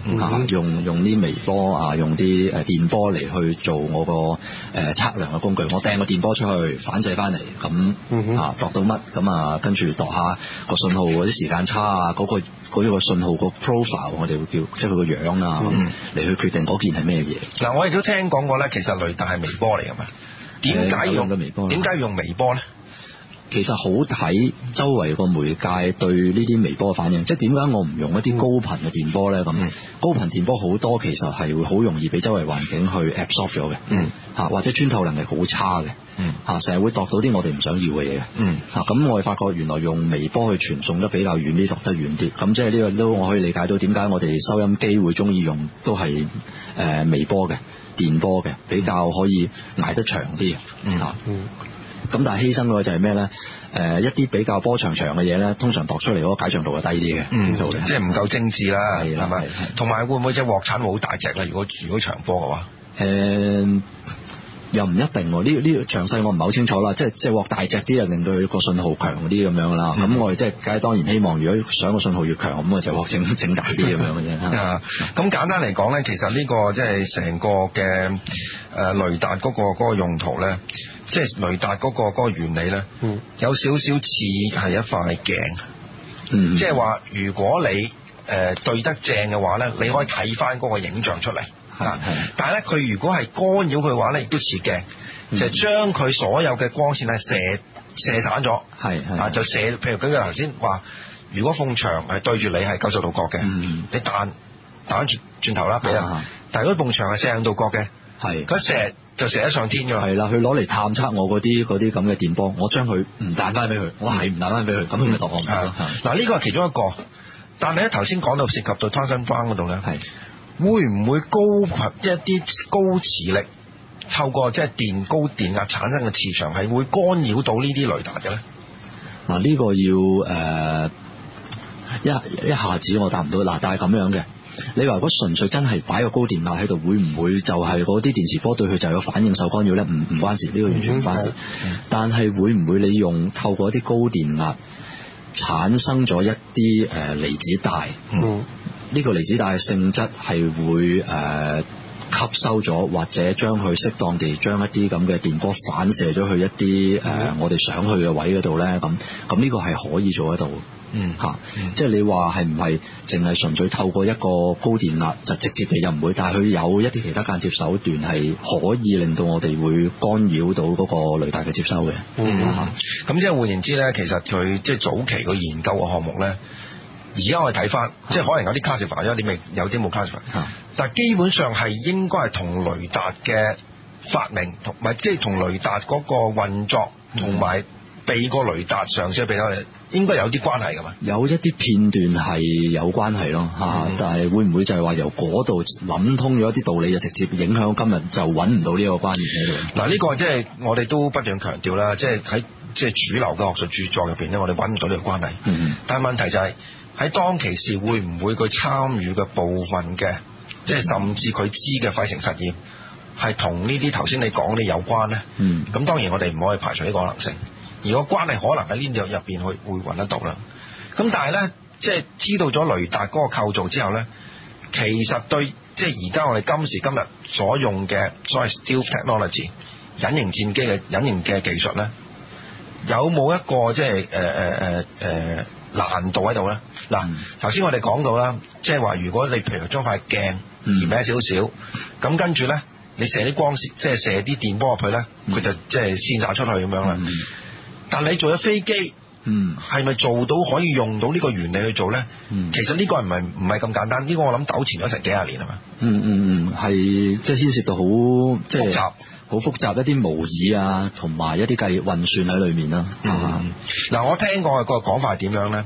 用用啲微波啊，用啲誒、啊、電波嚟去做我個誒、呃、測量嘅工具，我掟個電波出去，反射翻嚟，咁、嗯嗯、啊度到乜，咁啊跟住度下個信號、嗰個嗰個信號嗰啲時間差啊，嗰個信號個 profile，我哋會叫即係佢個樣啦，嚟去決定嗰件係咩嘢。嗱、嗯，我亦都聽講過咧，其實雷達係微波嚟㗎嘛，點解要用點解、嗯、要用微波咧？啊其實好睇周圍個媒介對呢啲微波嘅反應，即係點解我唔用一啲高頻嘅電波呢？咁、嗯、高頻電波好多其實係會好容易俾周圍環境去 absorb 咗嘅，或者穿透能力好差嘅，成、嗯、日會度到啲我哋唔想要嘅嘢嘅。咁、嗯、我哋發覺原來用微波去傳送得比較遠啲，度得遠啲。咁即係呢個都我可以理解到點解我哋收音機會鍾意用都係誒微波嘅電波嘅，比較可以捱得長啲嗯。嗯。咁但係犧牲嘅就係咩咧？誒、呃，一啲比較波長長嘅嘢咧，通常度出嚟嗰個解像度低、嗯、就低啲嘅，即係唔夠精緻啦，係咪？同埋會唔會隻鑊產好大隻咧？如果住嗰長波嘅話，呃、又唔一定喎。呢呢詳細我唔係好清楚啦。即係即係鑊大隻啲，就令到佢個信號強啲咁樣啦。咁我哋即係梗係當然希望，如果想個信號越強，咁我就鑊整整大啲咁樣嘅啫。咁、嗯、簡單嚟講咧，其實呢個即係成個嘅誒、呃、雷達嗰個嗰個用途咧。即係雷達嗰、嗰個、嗰個原理咧，嗯、有少少似係一塊鏡，嗯、即係話如果你誒對得正嘅話咧，你可以睇翻嗰個影像出嚟嚇。嗯、但係咧，佢如果係干擾佢嘅話咧，亦都似鏡，嗯、就係將佢所有嘅光線咧射射散咗，係啊，就射譬如佢頭先話，如果埲牆係對住你係九十度角嘅，嗯、你彈彈轉轉頭啦，係啊，嗯、但係如果埲牆係四十五度角嘅，係、嗯、佢射。就射得上天㗎，係啦，佢攞嚟探測我嗰啲嗰啲咁嘅電波，我將佢唔彈翻俾佢，我係唔彈翻俾佢，咁佢咪當我唔係咯嗱，呢、嗯啊呢個係其中一個，但係咧頭先講到涉及到 Townsend Brown 嗰度咧，係會唔會高頻、就是、一啲高磁力透過即係電高電壓產生嘅磁場係會干擾到呢啲雷達嘅咧？嗱、啊，呢、呢個要、呃、一一,一下子我答唔到，嗱、啊，但係咁樣嘅。你話如果純粹真係擺個高電壓喺度，會唔會就係嗰啲電磁波對佢就有反應受干擾呢？唔唔關事，呢個完全唔關事、嗯嗯。但係會唔會你用透過啲高電壓產生咗一啲誒離子帶？嗯，呢、呢個離子帶嘅性質係會、呃、吸收咗，或者將佢適當地將一啲咁嘅電波反射咗去一啲、嗯、我哋想去嘅位嗰度呢？咁咁呢個係可以做得到。嗯，吓、嗯，即係你話，係唔係淨係純粹透過一個高電壓就直接嘅，又唔會，但係佢有一啲其他間接手段係可以令到我哋會干擾到嗰個雷達嘅接收嘅、嗯。嗯、吓、嗯，咁即係換言之咧，其實佢即係早期個研究個項目咧，而家我哋睇翻，即係可能有啲 classify 咗，你未有啲冇 classify 吓，但係基本上係應該係同雷達嘅發明同，唔係即係同雷達嗰個運作同埋避個雷達上先俾到你。應該有啲關係㗎嘛，有一啲片段係有關係咯嚇、嗯，但係會唔會就係話由嗰度諗通咗一啲道理，就直接影響今日就揾唔到呢個關聯喺度？嗱、嗯，呢、呢個即係我哋都不斷強調啦，即係喺即係主流嘅學術著作入邊呢，我哋揾唔到呢個關係、嗯。但係問題就係喺當其時會唔會佢參與嘅部分嘅，即、就、係、是、甚至佢知嘅費城實驗係同呢啲頭先你講嘅有關呢？嗯。咁當然我哋唔可以排除呢個可能性。如果關係可能喺呢度入邊去會揾得到啦。咁但係咧，即係知道咗雷達嗰個構造之後咧，其實對即係而家我哋今時今日所用嘅所謂 stealth technology 隱形戰機嘅隱形嘅技術咧，有冇一個即係、呃呃、難度喺度咧？嗱、嗯，頭先我哋講到啦，即係話如果你譬如將塊鏡握握一點點，嚴謹少少，咁跟住咧，你射啲光線，即係射啲電波入去咧，佢、嗯、就即係散晒出去咁樣啦。嗯但你做咗飛機，嗯，係咪做到可以用到呢個原理去做咧、嗯？其實呢個唔係唔係咁簡單，呢、這個我諗糾纏咗成幾廿年啊嘛。嗯嗯嗯，係即、就是、牽涉到好即、就是、複雜，好複雜一啲模擬啊，同埋一啲計運算喺裏面啦。嗱、嗯嗯嗯，我聽過個講法係點樣咧？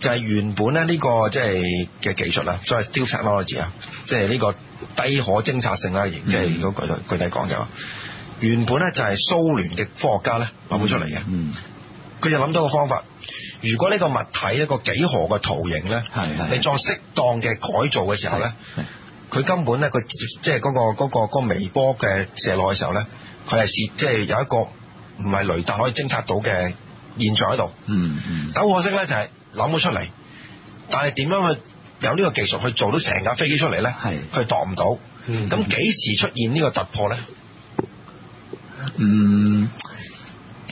就係、是、原本咧、這、呢個即係嘅技術啊，stealth technology 啊，即係呢個低可偵測性啦，即係如果具體具體講就。原本咧就係蘇聯嘅科學家咧諗到出嚟嘅。佢、嗯嗯、就諗到個方法。如果呢個物體一個幾何嘅圖形咧，你再適當嘅改造嘅時候咧，佢根本咧佢即係嗰個嗰、嗰個、嗰個嗰個微波嘅射落嘅時候咧，佢係蝕即係有一個唔係雷達可以偵測到嘅現象喺度。嗯嗯。但係可惜咧就係諗到出嚟，但係點樣去有呢個技術去做到成架飛機出嚟咧？係佢度唔到。咁、嗯、幾時出現呢個突破咧？嗯，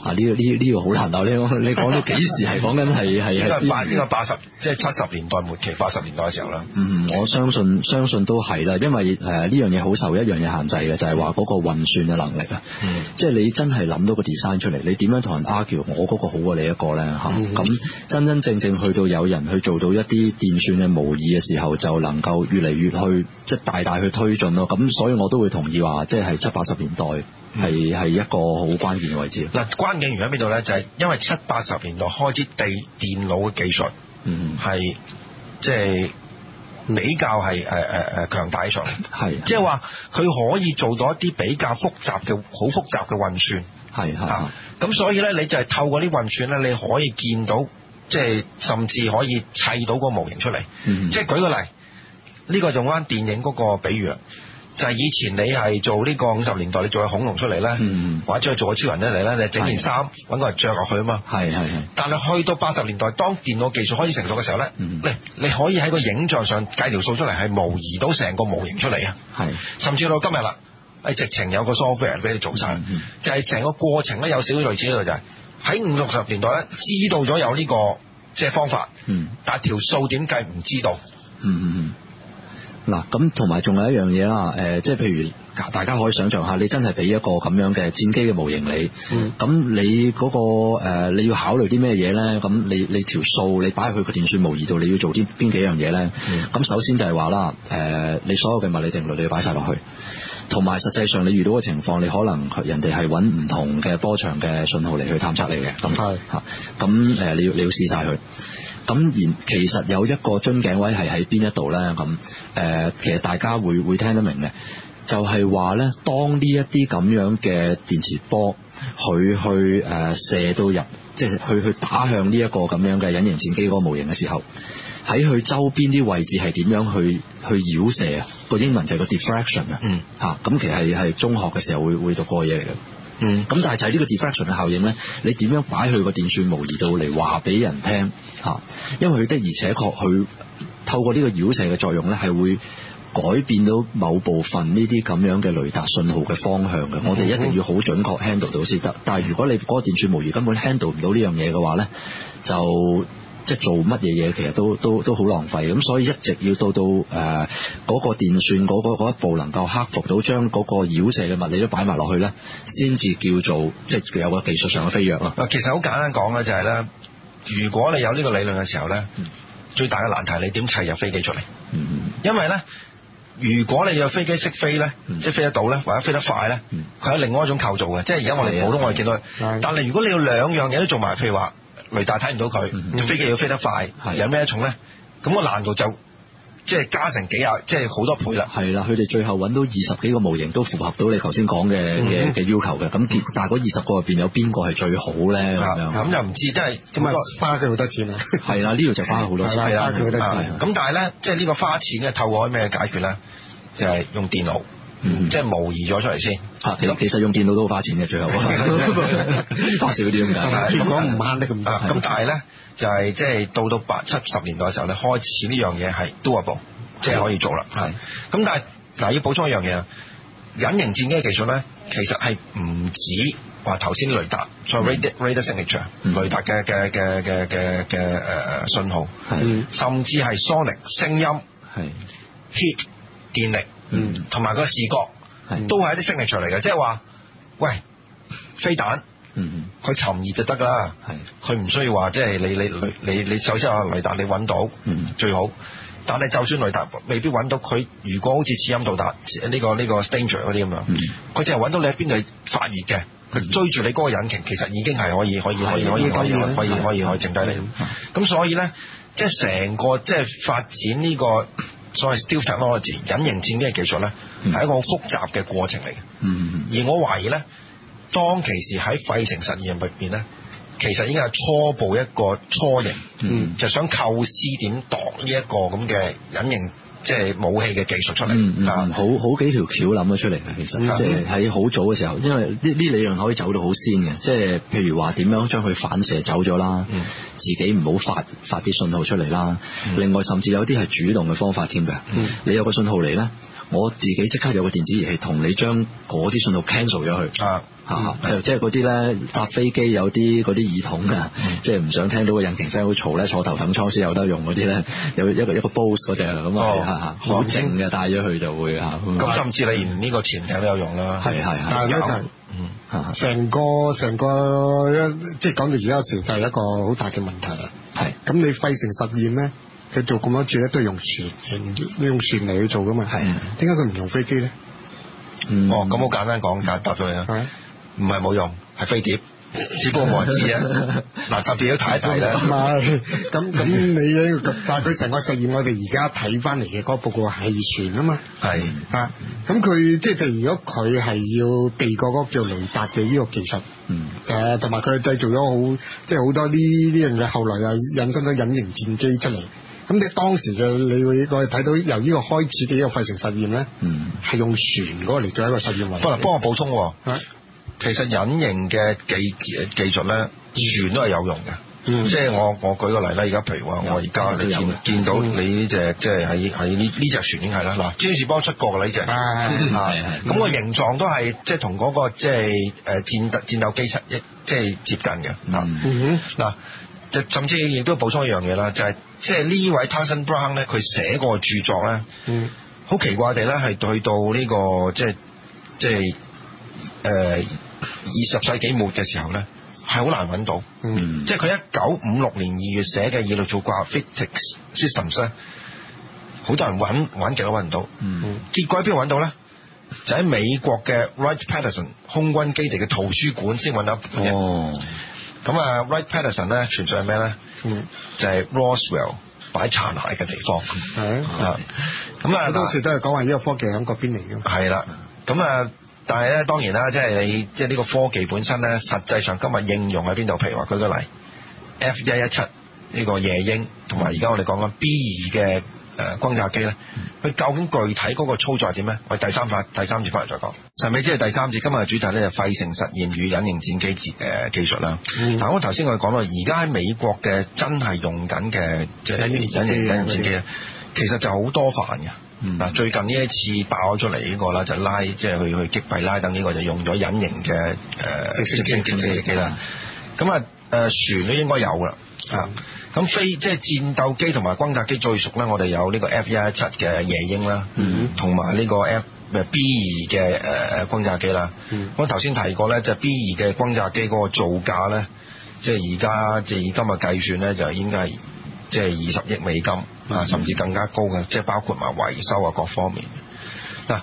啊呢、呢個呢呢、呢個好、呢個、難啊！ (laughs) 你講你講到幾時係講緊係係係八呢個八十。即係七十年代末期，八十年代嘅時候啦。嗯，我相信相信都係啦，因為誒呢、啊、樣嘢好受一樣嘢限制嘅，就係話嗰個運算嘅能力啊、嗯。即係你真係諗到個 design 出嚟，你點樣同人 argue 我嗰個好過你一個呢？吓、嗯。咁、啊、真真正正去到有人去做到一啲電算嘅模擬嘅時候，就能夠越嚟越去即係、就是、大大去推進咯。咁所以我都會同意話，即係七八十年代係係、嗯、一個好關鍵嘅位置。嗱、啊，關鍵原因喺邊度呢？就係、是、因為七八十年代開始地電腦嘅技術。嗯，係，即係比較係誒誒誒強大啲上嚟，係，即係話佢可以做到一啲比較複雜嘅好複雜嘅運算，係係、啊，咁所以咧，你就係透過啲運算咧，你可以見到，即係甚至可以砌到個模型出嚟，即、嗯、係舉個例子，呢、這個用翻電影嗰個比喻啦。就係、是、以前你係做呢個五十年代，你做個恐龍出嚟咧，嗯、或者做個超人出嚟咧，你，呢你整件衫揾個人着落去啊嘛。係係係。但係去到八十年代，當電腦技術開始成熟嘅時候咧，嗯、你你可以喺個影像上計條數出嚟，係模擬到成個模型出嚟啊。係。甚至到今日啦，係直情有個 software 俾你做曬，嗯嗯，就係成個過程咧有少少類似呢個，就係喺五六十年代咧知道咗有呢個即係方法，嗯、但係條數點計唔知道。嗯嗯嗯。嗱，咁同埋仲有一樣嘢啦，即係譬如大家可以想象下，你真係俾一個咁樣嘅戰機嘅模型、嗯、咁你、嗰個，咁你嗰個你要考慮啲咩嘢呢？咁你你條數你擺去個電算模擬度，你要做啲邊幾樣嘢呢？咁、嗯、首先就係話啦，你所有嘅物理定律你要擺曬落去，同埋實際上你遇到嘅情況，你可能人哋係揾唔同嘅波長嘅信號嚟去探測你嘅，係咁你要你要試曬佢。咁然其實有一個樽頸位係喺邊一度呢？咁其實大家會會聽得明嘅，就係話呢，當呢一啲咁樣嘅電磁波，佢去射到入，即係佢去打向呢一個咁樣嘅隱形戰機嗰個模型嘅時候，喺佢周邊啲位置係點樣去去繞射啊？個英文就係個 diffraction 啊、嗯，嚇！咁其實係中學嘅時候會會讀過嘢嚟嘅。嗯，咁但係就係呢個 diffraction 嘅效應呢，你點樣擺佢個電算模擬到嚟話俾人聽吓？因為佢的而且確佢透過呢個繞射嘅作用呢，係會改變到某部分呢啲咁樣嘅雷達信號嘅方向嘅。我哋一定要好準確 handle 到先得。但係如果你嗰個電算模擬根本 handle 唔到呢樣嘢嘅話呢，就。即係做乜嘢嘢，其實都都都好浪費咁，所以一直要到到誒嗰個電算嗰嗰嗰一步能夠克服到，將嗰個繞射嘅物理都擺埋落去咧，先至叫做即係有個技術上嘅飛躍咯。嗱，其實好簡單講嘅就係、是、咧，如果你有呢個理論嘅時候咧，嗯、最大嘅難題是你點砌入飛機出嚟？嗯、因為咧，如果你有飛機識飛咧，嗯、即係飛得到咧，或者飛得快咧，佢、嗯、有另外一種構造嘅，嗯、即係而家我哋普通我哋見到。但係如果你要兩樣嘢都做埋，譬如話。雷達睇唔到佢，飛機要飛得快，有咩重咧？咁個、啊、難度就即係、就是、加成幾、就是、啊，即係好多倍啦。係啦，佢哋最後揾到二十幾個模型都符合到你頭先講嘅嘅嘅要求嘅。咁但係嗰二十個入邊有邊個係最好咧？咁、啊、樣咁、啊、就唔知，即係咁啊、那個、花佢好多錢啦、啊。係啦、啊，呢度就花咗好多錢。係啦、啊，咁、啊啊啊啊啊、但係咧，即係呢個花錢嘅透過咩解決咧？就係、是、用電腦。即係模擬咗出嚟先，啊，其實用電腦都好花錢嘅，最後、啊、花少啲咁講。唔慳得咁多，咁但係咧，就係即係到到八七十年代嘅時候咧，開始呢樣嘢係 doable，即係可以做啦。係，咁但係嗱，要補充一樣嘢啊，隱形戰機嘅技術咧，其實係唔止話頭先雷達，所 radio radar signature，、嗯、雷達嘅嘅嘅嘅嘅嘅誒信號，甚至係 sonic 聲音，係 heat 電力。嗯，同埋個視覺都係一啲 signature 嚟嘅，即係話，喂，飛彈，嗯佢沉熱就得啦，係，佢唔需要話即係你你你你你首先啊雷達你揾到，嗯，最好，但係就算雷達未必揾到，佢如果好似次音導彈呢、這個呢、這個 signature 嗰啲咁樣，佢淨係揾到你喺邊度發熱嘅，佢、嗯、追住你嗰個引擎，其實已經係可以可以可以可以可以可以,可以,可,以,可,以可以剩低你，咁、嗯嗯、所以咧，即係成個即係、就是、發展呢、這個。所謂 stealth technology 隱形戰機嘅技術，咧，係一個好複雜嘅過程嚟嘅。而我懷疑咧，當其時喺費城實驗入邊，咧。其實已經係初步一個初型，嗯、就想構思點度呢一個咁嘅隱形，即、就、係、是、武器嘅技術出嚟嗱、嗯嗯，好好幾條橋諗咗出嚟嘅，其實即係喺好早嘅時候，因為呢啲理論可以走到好先嘅，即、就、係、是、譬如話點樣將佢反射走咗啦、嗯，自己唔好發發啲信號出嚟啦、嗯。另外，甚至有啲係主動嘅方法添嘅、嗯，你有個信號嚟咧。我自己即刻有個電子儀器，同你將嗰啲信號 cancel 咗佢，啊啊，就、嗯、即係嗰啲咧搭飛機有啲嗰啲耳筒嘅、啊嗯，即係唔想聽到個引擎聲好嘈咧，坐頭等艙先有得用嗰啲咧，有一個一個 Bose 嗰隻咁啊，好、哦嗯、靜嘅帶咗去就會嚇。咁、嗯啊、甚至你啦，連呢個潛艇都有用啦。係係係。但係就，嗯，成、就是、個成、嗯啊、個即係講到而家嘅時代係一個好大嘅問題。係。咁你費城實驗咧？佢做咁多次咧，都係用船，船嚟，去做噶嘛？係點解佢唔用飛機咧、嗯？哦，咁好簡單講，答答咗你啦。唔係冇用，係飛碟。只不過我知啊，垃圾變都太大啦。係、嗯、咁、嗯、咁、啊、你，但係佢成個實驗，我哋而家睇翻嚟嘅嗰個報告係船啊嘛。係啊，咁佢即係，譬如如果佢係要避過嗰個叫雷達嘅呢個技術，誒、嗯，同埋佢製造咗好，即係好多呢樣嘢。後嚟啊，引申咗隱形戰機出嚟。咁你當時就你會我哋睇到由呢個開始嘅呢個費城實驗呢，係、嗯、用船嗰個嚟做一個實驗㗎。不過幫我補充喎，其實隱形嘅技技術呢，船都係有用嘅、嗯。即係我，我舉個例啦，而家譬如話我而家你見，見到你呢隻即係喺喺呢呢隻船已經係啦，嗱、嗯，占士邦出過㗎呢隻啊，咁、嗰個形狀都係即係同嗰個即係戰鬥戰鬥機一即係接近嘅嗱，嗱、嗯，就、嗯、甚至亦都要補充一樣嘢啦，就係、是。即係呢位 Tansen Brown 咧，佢寫過著作咧，好、嗯、奇怪地咧，係去到呢、這個即係即係誒二十世紀末嘅時候咧，係好難揾到。嗯、即係佢一九五六年二月寫嘅《二六做掛 f i c t i t s System》s 咧，好多人揾揾極都揾唔到。嗯、結果喺邊度揾到咧？就喺美國嘅 Wright Patterson 空軍基地嘅圖書館先揾到一本。哦。咁啊 Wright-Patterson 咧，存在咩咧？嗯，就係、是、Roswell 擺殘骸嘅地方。咁、嗯、啊，咁、嗯、啊，好多時都係講話呢個科技響邊嚟嘅。係啦，咁啊，但係咧，當然啦，即、就、係、是、你即係呢個科技本身咧，實際上今日應用喺邊度？譬如話舉個例，F 一一七呢個夜鷹，同埋而家我哋講緊 B 二嘅。誒轟炸機呢，佢究竟具體嗰個操作係點咧？喂，第三法，第三節翻嚟再講。神秘之夜係第三節，今日嘅主題呢就費城實驗與隱形戰機技術啦。嗱、嗯，我頭先我哋講到，而家喺美國嘅真係用緊嘅即係隱形戰機呢，其實就好多款嘅。嗱、嗯，最近呢一次爆咗出嚟呢個啦，就拉即係去去擊斃拉登呢、這個就用咗隱形嘅誒直升直升機咁啊、嗯、船都應該有㗎啊！咁非即係、就是、戰鬥機同埋轟炸機最熟咧，我哋有呢個，mm-hmm. 個 F 一一七嘅夜鷹啦，同埋呢個 F 咩 B 二嘅誒誒轟炸機啦。Mm-hmm. 我頭先提過咧，就 B 二嘅轟炸機嗰個造價咧，即係而家即係以今日計算咧，就應該係即係二十億美金啊，mm-hmm. 甚至更加高嘅，即係包括埋維修啊各方面。嗱，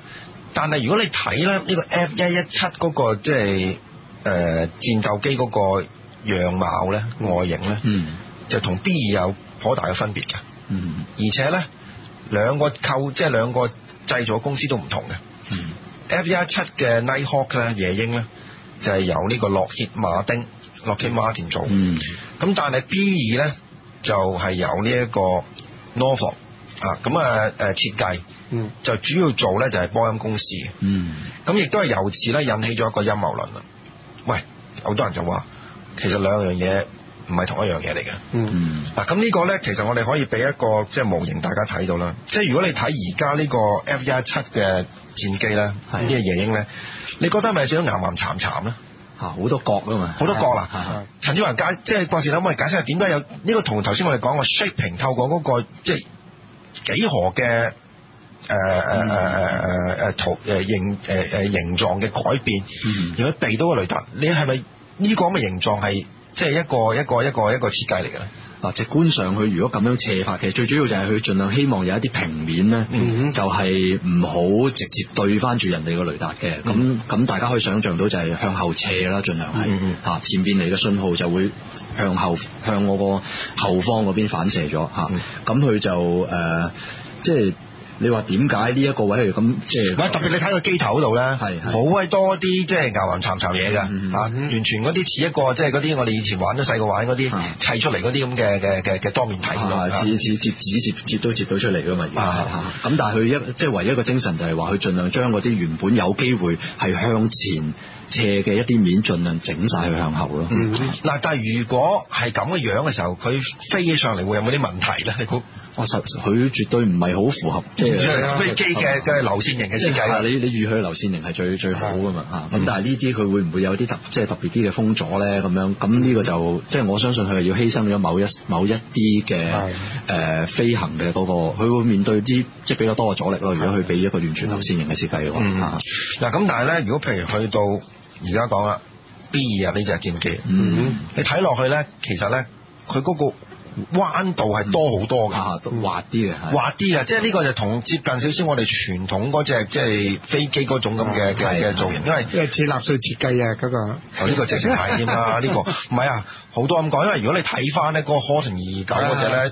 但係如果你睇咧呢個 F 一一七嗰個即係誒戰鬥機嗰個樣貌咧，外形咧。Mm-hmm. 就同 B 二有頗大嘅分別嘅，嗯，而且咧兩個構，即係兩個製造公司都唔同嘅，嗯，F 一七嘅 Night Hawk 咧，夜鷹咧，就係由呢個洛克馬丁、洛克馬丁做，嗯，但 B2 呢，咁但係 B 二咧就係由呢一個 Norfolk 啊，咁啊誒設計，嗯，就主要做咧就係波音公司，嗯，咁亦都係由此咧引起咗一個陰謀論啊，喂，好多人就話其實兩樣嘢。唔係同一樣嘢嚟嘅。嗯，嗱，咁呢個咧，其實我哋可以俾一個即係模型大家睇到啦。即係如果你睇而家呢個 F 一一七嘅戰機咧，啊、個野呢嘢夜鷹咧，你覺得係咪想岩岩慘慘咧？嚇、啊，好多角啊嘛，好、啊、多角啦、啊啊啊。陳志宏解，即係博士，諗埋解釋下點解有呢、這個同頭先我哋講嘅 shaping，透過嗰、那個即係幾何嘅誒誒誒誒誒誒圖、啊、形誒誒、啊、形狀嘅改變，如、嗯、果避到個雷達，你係咪呢個咁嘅形狀係？即係一個一個一個一個設計嚟嘅。啦。嗱，直觀上佢如果咁樣斜法嘅，其實最主要就係佢盡量希望有一啲平面咧、嗯，就係唔好直接對翻住人哋個雷達嘅。咁、嗯、咁大家可以想像到就係向後斜啦，盡量係、嗯、前面嚟嘅信號就會向後向我個後方嗰邊反射咗嚇。咁、嗯、佢就誒、呃、即係。你話點解呢一個位咁即係？喂，特別你睇個機頭度咧，係好鬼多啲即係牛雲層層嘢㗎，啊！完全嗰啲似一個即係嗰啲我哋以前玩咗細個玩嗰啲砌出嚟嗰啲咁嘅嘅嘅嘅多面體啊！似似折紙折折都接到出嚟㗎嘛！啊、uh, 啊！咁但係佢一即係，唯一個精神就係話佢盡量將嗰啲原本有機會係向前。斜嘅一啲面，儘量整晒佢向後咯。嗱、嗯，但係如果係咁嘅樣嘅時候，佢飛起上嚟會有冇啲問題咧？你估我實佢絕對唔係好符合、嗯、即飛機嘅嘅流線型嘅設計。你你預佢流線型係最最好㗎嘛？嚇咁、嗯，但係呢啲佢會唔會有啲特即係特別啲嘅風阻咧？咁樣咁呢個就即係、嗯就是、我相信佢係要犧牲咗某一某一啲嘅誒飛行嘅嗰、那個，佢會面對啲即係比較多嘅阻力咯。如果佢俾一個完全流線型嘅設計嘅話，嗱咁、嗯嗯嗯，但係咧，如果譬如去到而家講啦，B 二啊，呢隻戰機，嗯，你睇落去咧，其實咧，佢嗰個。彎道係多好多㗎、嗯啊，滑啲嘅，滑啲嘅，即係呢個就同接近少少我哋傳統嗰隻即係飛機嗰種咁嘅嘅嘅造型，因為因為似納粹設計啊嗰、那個哦這個 (laughs) 這個，呢個正式係添啦。呢個唔係啊，好多咁講，因為如果你睇翻呢嗰個 Horton 229嗰隻咧，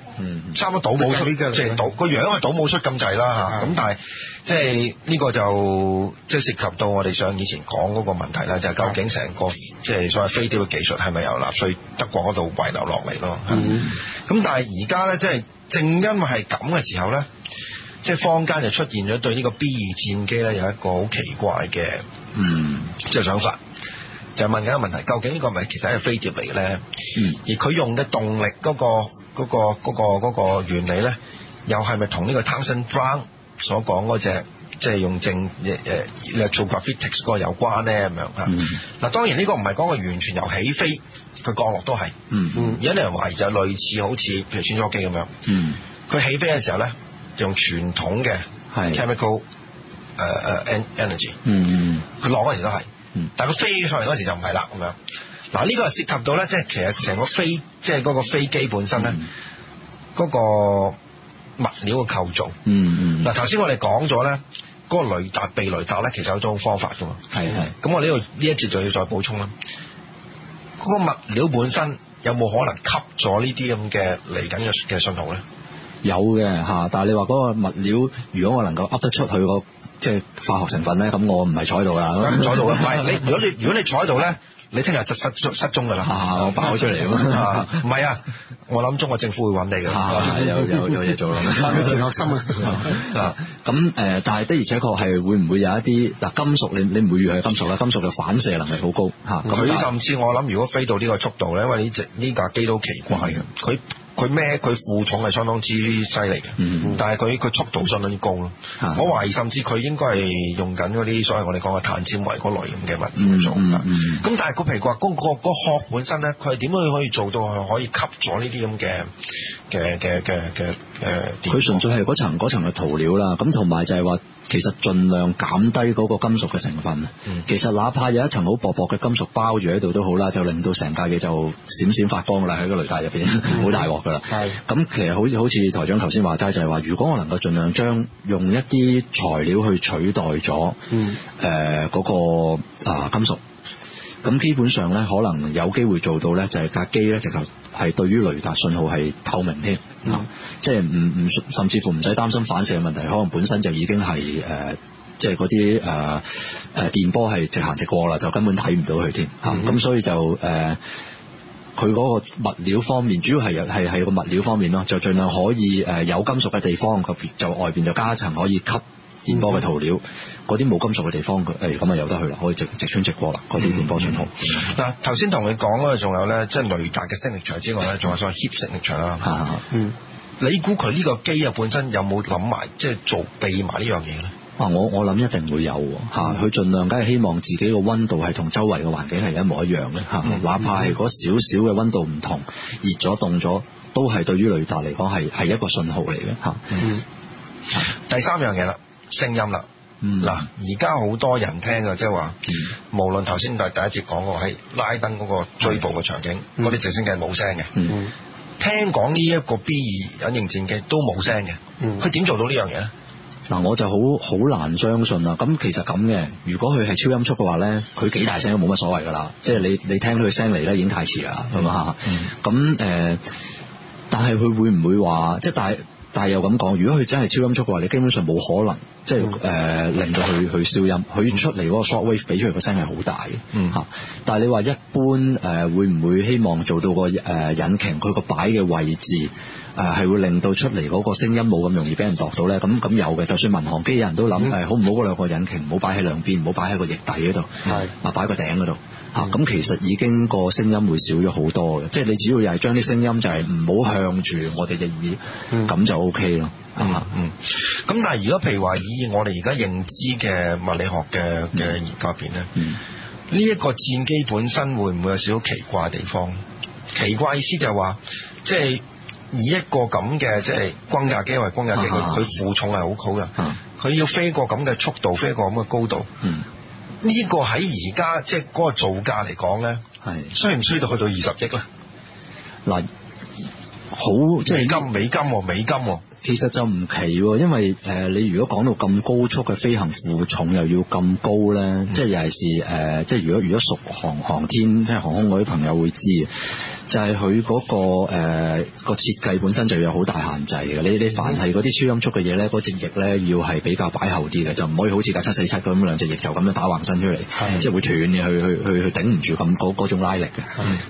差唔多倒冇、就是、出，即係倒個樣係倒冇出咁滯啦嚇，咁但係即係呢個就即係涉及到我哋想以前講嗰個問題啦，就係、是、究竟成個。即係所謂飛碟嘅技術係咪由納粹德國嗰度遺留落嚟咯？咁、嗯、但係而家咧，即係正因為係咁嘅時候咧，即係坊間就出現咗對呢個 B 二戰機咧有一個好奇怪嘅即係想法，就係、問緊個問題：究竟呢個咪其實係飛碟嚟咧、嗯？而佢用嘅動力嗰個、嗰個、嗰個嗰個嗰個、原理咧，又係咪同呢個 Townsend Brown 所講嗰隻？即係用正，誒誒，做個 physics 有關咧，咁樣。嗱，當然呢個唔係講佢完全由起飛佢降落都係。嗯、而有人懷疑就係類似好似譬如穿梭機咁樣。嗯。佢起飛嘅時候咧，用傳統嘅 chemical、uh，energy。佢落嗰時都係。但係佢飛上嚟嗰時就唔係啦咁樣。嗱、這、呢個係涉及到咧，即係其實成個飛即、就係、飛機本身咧嗰、嗯，嗰個物料嘅構造。嗯，嗱，頭先我哋講咗咧。嗰、嗰個雷達、避雷達咧，其實有種方法噶嘛，係係。咁我呢度呢一節就要再補充啦。嗰、嗰個物料本身有冇可能吸咗呢啲咁嘅嚟緊嘅嘅訊號咧？有嘅嚇，但係你話嗰個物料，如果我能夠噏得出去個即係化學成分咧，咁我唔係坐喺度噶，唔坐喺度嘅。唔係 (laughs) 你，如果你如果你坐喺度咧。你聽日就失失蹤㗎啦，我爆咗出嚟啊！唔係啊，我諗、 (laughs) 啊、中國政府會揾你㗎。係、啊、係有有有嘢做啦。最有誒，但係的而且確係會唔會有一啲嗱金屬？你你唔會遇係金屬啦，金屬嘅反射能力好高吓，佢甚至我諗，如果飛到呢個速度咧，因為呢隻呢架機都奇怪嘅，佢、嗯。佢孭，佢負重係相當之犀利嘅，但係佢佢速度相當之高咯、啊。我懷疑甚至佢應該係用緊嗰啲所謂我哋講嘅碳纖維嗰類咁嘅物料做咁、嗯嗯嗯、但係個皮刮，嗰個殼本身咧，佢係點樣可以做到係可以吸咗呢啲咁嘅嘅嘅嘅嘅誒？佢純粹係嗰層嗰層嘅塗料啦。咁同埋就係話。其實盡量減低嗰個金屬嘅成分，嗯、其實哪怕有一層好薄薄嘅金屬包住喺度都好啦，就令到成架嘢就閃閃發光啦喺個雷達入面，好大鑊㗎喇。咁，嗯、其實好似好似台長頭先話齋，就係、是、話如果我能夠盡量將用一啲材料去取代咗誒嗰個啊、呃、金屬。咁基本上咧，可能有機會做到咧，就係架機咧，直頭係對於雷達信號係透明添、嗯，即係唔唔甚至乎唔使擔心反射嘅問題，可能本身就已經係誒，即係嗰啲電波係直行直過啦，就根本睇唔到佢添，咁、嗯啊、所以就誒，佢嗰個物料方面，主要係係係個物料方面咯，就儘量可以有金屬嘅地方，特別就外邊就加層可以吸。電波嘅塗料，嗰啲冇金屬嘅地方，誒咁啊有得去啦，可以直直穿直波啦，嗰啲電波信號。嗱、嗯，頭先同你講咧，仲有咧，即係雷達嘅聲力場之外咧，仲有所謂 heat 聲力場啦。嚇、嗯，你估佢呢個機啊本身有冇諗埋，即係做備埋呢樣嘢咧？啊，我我諗一定會有嚇，佢、嗯、盡量梗係希望自己個温度係同周圍嘅環境係一模一樣嘅，嚇、嗯，哪怕係嗰少少嘅温度唔同，熱咗凍咗，都係對於雷達嚟講係係一個信號嚟嘅嚇。第三樣嘢啦。聲音啦，嗱、嗯，而家好多人聽啊，即係話、嗯，無論頭先就第一節講過喺拉登嗰個追捕嘅場景，嗰、嗯、啲直升機係冇聲嘅、嗯，聽講呢一個 B 二隱形戰機都冇聲嘅，佢、嗯、點做到這件事呢樣嘢咧？嗱，我就好好難相信啦。咁其實咁嘅，如果佢係超音速嘅話咧，佢幾大聲都冇乜所謂噶啦。即、就、係、是、你你聽到佢聲嚟咧，已經太遲啦，係咪啊？咁誒，但係佢會唔會話，即係但係？但係又咁講，如果佢真係超音速嘅話，你基本上冇可能，即係誒、呃、令到佢去消音。佢出嚟嗰個 short wave 俾出嚟個聲係好大嘅、嗯，但係你話一般誒會唔會希望做到個誒引擎佢個擺嘅位置誒係會令到出嚟嗰個聲音冇咁容易俾人度到咧？咁咁有嘅，就算民航機有人都諗誒、嗯欸，好唔好嗰兩個引擎唔好擺喺兩邊，唔好擺喺個翼底嗰度，係啊，擺喺個頂嗰度。啊，咁其實已經個聲音會少咗好多嘅，即係你只要又係將啲聲音就係唔好向住我哋嘅耳，咁、嗯、就 O K 咯，啊，嗯，嗯。咁、嗯嗯嗯、但係如果譬如話以我哋而家認知嘅物理學嘅嘅研究咧，呢、嗯、一、嗯、個戰機本身會唔會有少少奇怪嘅地方？奇怪意思就係話，即係以一個咁嘅即係轟炸機因為轟炸機，佢佢負重係好好嘅，佢、嗯嗯、要飛過咁嘅速度，飛過咁嘅高度。嗯呢、這個喺而家即係嗰個造價嚟講呢，係需唔需要到去到二十億呢？嗱，好即係金美金，美金、哦美金哦、其實就唔奇喎，因為誒、呃、你如果講到咁高速嘅飛行，負重又要咁高呢，即係又係是誒，即係、呃、如果如果熟航航天即係航空嗰啲朋友會知道就係佢嗰個誒個、呃、設計本身就有好大限制嘅，你你凡係嗰啲超音速嘅嘢咧，嗰、嗰、隻、個、翼咧要係比較擺後啲嘅，就唔可以好似架七四七咁兩隻翼就咁樣打橫伸出嚟，是即係會斷嘅，去去去去頂唔住咁嗰種拉力嘅，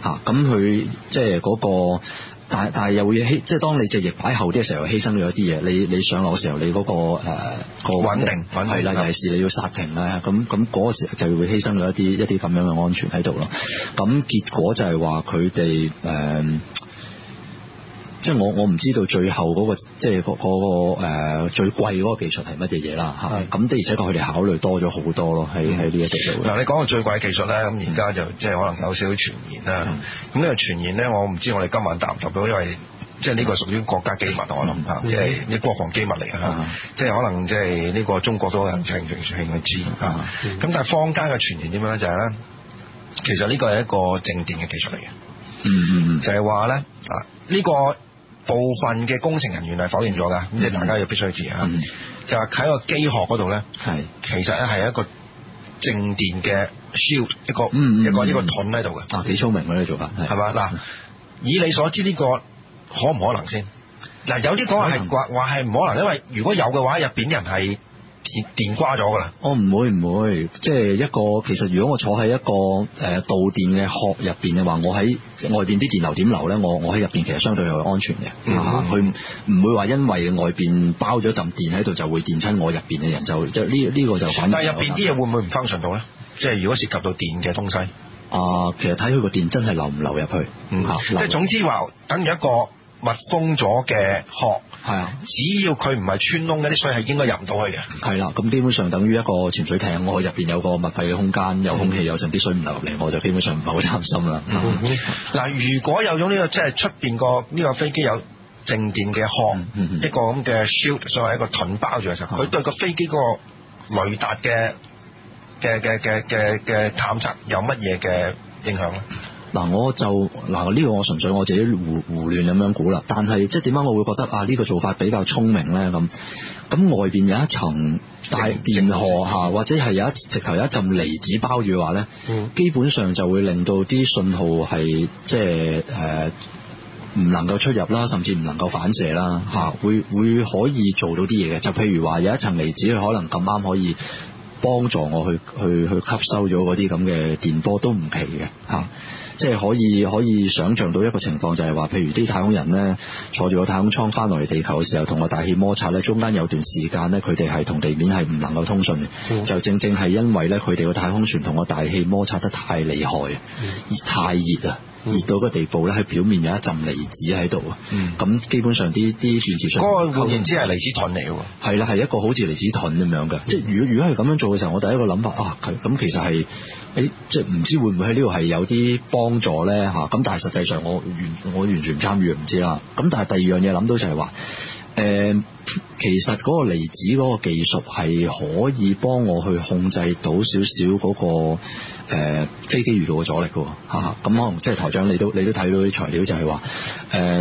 嚇咁佢即係嗰、嗰個。但係但係又會犧，即係當你隻翼擺後啲嘅時候，犧牲咗一啲嘢。你你上落嘅時候你、那個，你、呃、嗰、那個誒個穩定係啦，尤其是你要煞停啦。咁咁嗰時時就會犧牲咗一啲一啲咁樣嘅安全喺度咯。咁結果就係話佢哋誒。呃即係我我唔知道最後嗰、嗰個即係，嗰個、嗰個、呃、最貴嗰個技術係乜嘢嘢啦嚇。咁的而且確佢哋考慮多咗好多咯，喺喺呢一度。嗱、嗯、你講到最貴技術咧，咁而家就即係可能有少少傳言啦。咁呢個傳言咧，我唔知我哋今晚答唔答到，因為即係呢個屬於國家機密。我諗嚇即係啲國防機密嚟嚇，即係可能即係呢個中國都有興趣興去知，咁但係坊間嘅傳言點樣咧，就係、係、咧其實呢個係一個靜電嘅技術嚟嘅。嗯嗯就係話咧，啊呢、呢個部分嘅工程人員係否認咗㗎，咁即係大家要必須知啊。就係喺個機殼嗰度咧，係其實咧係一個靜電嘅 shield，、嗯嗯、一個一個呢個盾喺度嘅。啊，幾聰明嘅呢個做法，係嘛？嗱、嗯，以你所知呢、呢個可唔可能先？嗱，有啲講話係唔可能、嗯，因為如果有嘅話，入邊啲人係。電瓜咗噶啦！我、oh, 唔會唔會，即係一個其實如果我坐喺一個誒、呃、導電嘅殼入邊嘅話，我喺外邊啲電流點流呢？我我喺入邊其實相對係安全嘅，佢、嗯、唔會話因為外邊包咗陣電喺度就會電親我入邊嘅人，就即呢呢個就反，但係入邊啲嘢會唔會唔翻順到呢？即係如果涉及到電嘅東西啊、呃，其實睇佢個電真係流唔流入去、嗯啊、去，即係總之話等於一個。密封咗嘅殼，係啊，只要佢唔係穿窿，一啲水係應該入唔到去嘅。係啦、啊，咁基本上等於一個潛水艇，我入邊有個密閉嘅空間，有空氣，嗯、有成啲水唔流入嚟，我就基本上唔係好擔心啦。嗱、嗯， (laughs) 如果有咗呢個即係出邊個呢個飛機有靜電嘅殼、嗯嗯，一個咁嘅 shield，所謂一個盾包住嘅時候，佢、嗯、對個飛機個雷達嘅嘅嘅嘅嘅嘅探測有乜嘢嘅影響咧？嗱，我就嗱呢、這個我純粹我自己胡胡亂咁樣估啦。但係即係點解我會覺得啊呢、這個做法比較聰明呢？咁？咁外面有一層大電荷嚇，或者係有一直頭有一陣離子包住話呢、嗯，基本上就會令到啲信號係即係誒唔能夠出入啦，甚至唔能夠反射啦、啊、會會可以做到啲嘢嘅，就譬如話有一層離子，佢可能咁啱可以幫助我去去去，去吸收咗嗰啲咁嘅電波都唔奇嘅嚇。即係可以可以想像到一個情況，就係話，譬如啲太空人呢，坐住個太空艙翻落嚟地球嘅時候，同個大氣摩擦呢，中間有段時間呢，佢哋係同地面係唔能夠通訊嘅，嗯，就正正係因為呢，佢哋個太空船同個大氣摩擦得太厲害，太熱啊。熱到個地步咧，喺表面有一陣離子喺度啊，咁、嗯、基本上啲啲連接上，嗰、那個換言之係離子盾嚟嘅喎，係啦，係一個好似離子盾咁樣嘅，嗯、即係如果如果係咁樣做嘅時候，我第一個諗法啊，咁其實係誒，即係唔知會唔會喺呢度係有啲幫助咧吓，咁但係實際上我完我完全唔參與唔知啦，咁但係第二樣嘢諗到就係話。誒、嗯，其實嗰個離子嗰個技術係可以幫我去控制到少少嗰個誒、呃、飛機遇到嘅阻力嘅吓，咁、啊、可能即係台長你都你都睇到啲材料就係、是、話，誒、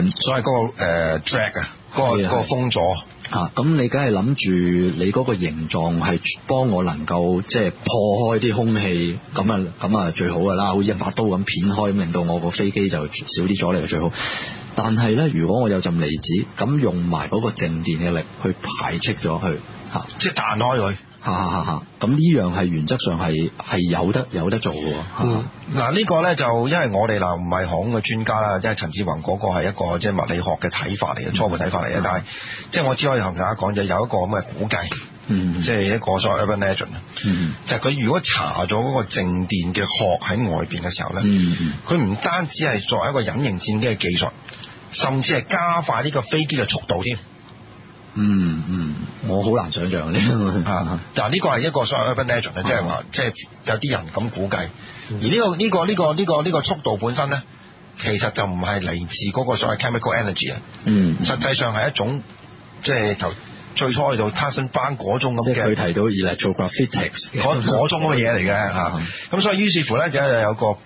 啊，所謂嗰、那個誒、呃、drag、那個那個、啊，嗰個個風阻啊，咁你梗係諗住你嗰個形狀係幫我能夠即係破開啲空氣，咁啊咁啊最好噶啦，好似一把刀咁片開，咁令到我個飛機就少啲阻力嘅最好。但係咧，如果我有浸離子，咁用埋嗰個靜電嘅力去排斥咗佢，吓，即係彈開佢，吓，咁呢樣係原則上係係有得有得做嘅。嗱、嗯啊嗯，這個、呢個咧，就因為我哋嗱唔係行嘅專家啦，即係陳志宏嗰個係一個即係、就是、物理學嘅睇法嚟嘅、嗯、初步睇法嚟嘅，但係、嗯、即係我只可以同大家講就有一個咁嘅估計，嗯，即係一個所謂 urban legend 啊、嗯、係、就、佢、是、如果查咗嗰個靜電嘅殼喺外邊嘅時候咧，佢、嗯、唔單止係作為一個隱形戰機嘅技術。甚至係加快呢個飛機嘅速度添。嗯嗯，我好難想象呢 (laughs) 但呢個係一個所謂 hypothetical 嘅，即係話，即係有啲人咁估計。嗯、而呢、呢個呢呢呢呢速度本身咧，其實就唔係嚟自嗰個所謂 chemical energy 啊、嗯。嗯。實際上係一種即係、頭、最初去到 talking about 嗰種咁嘅。佢提到 electrogravitics 嗰嗰種嘅嘢嚟嘅。咁所以於是乎咧，就有個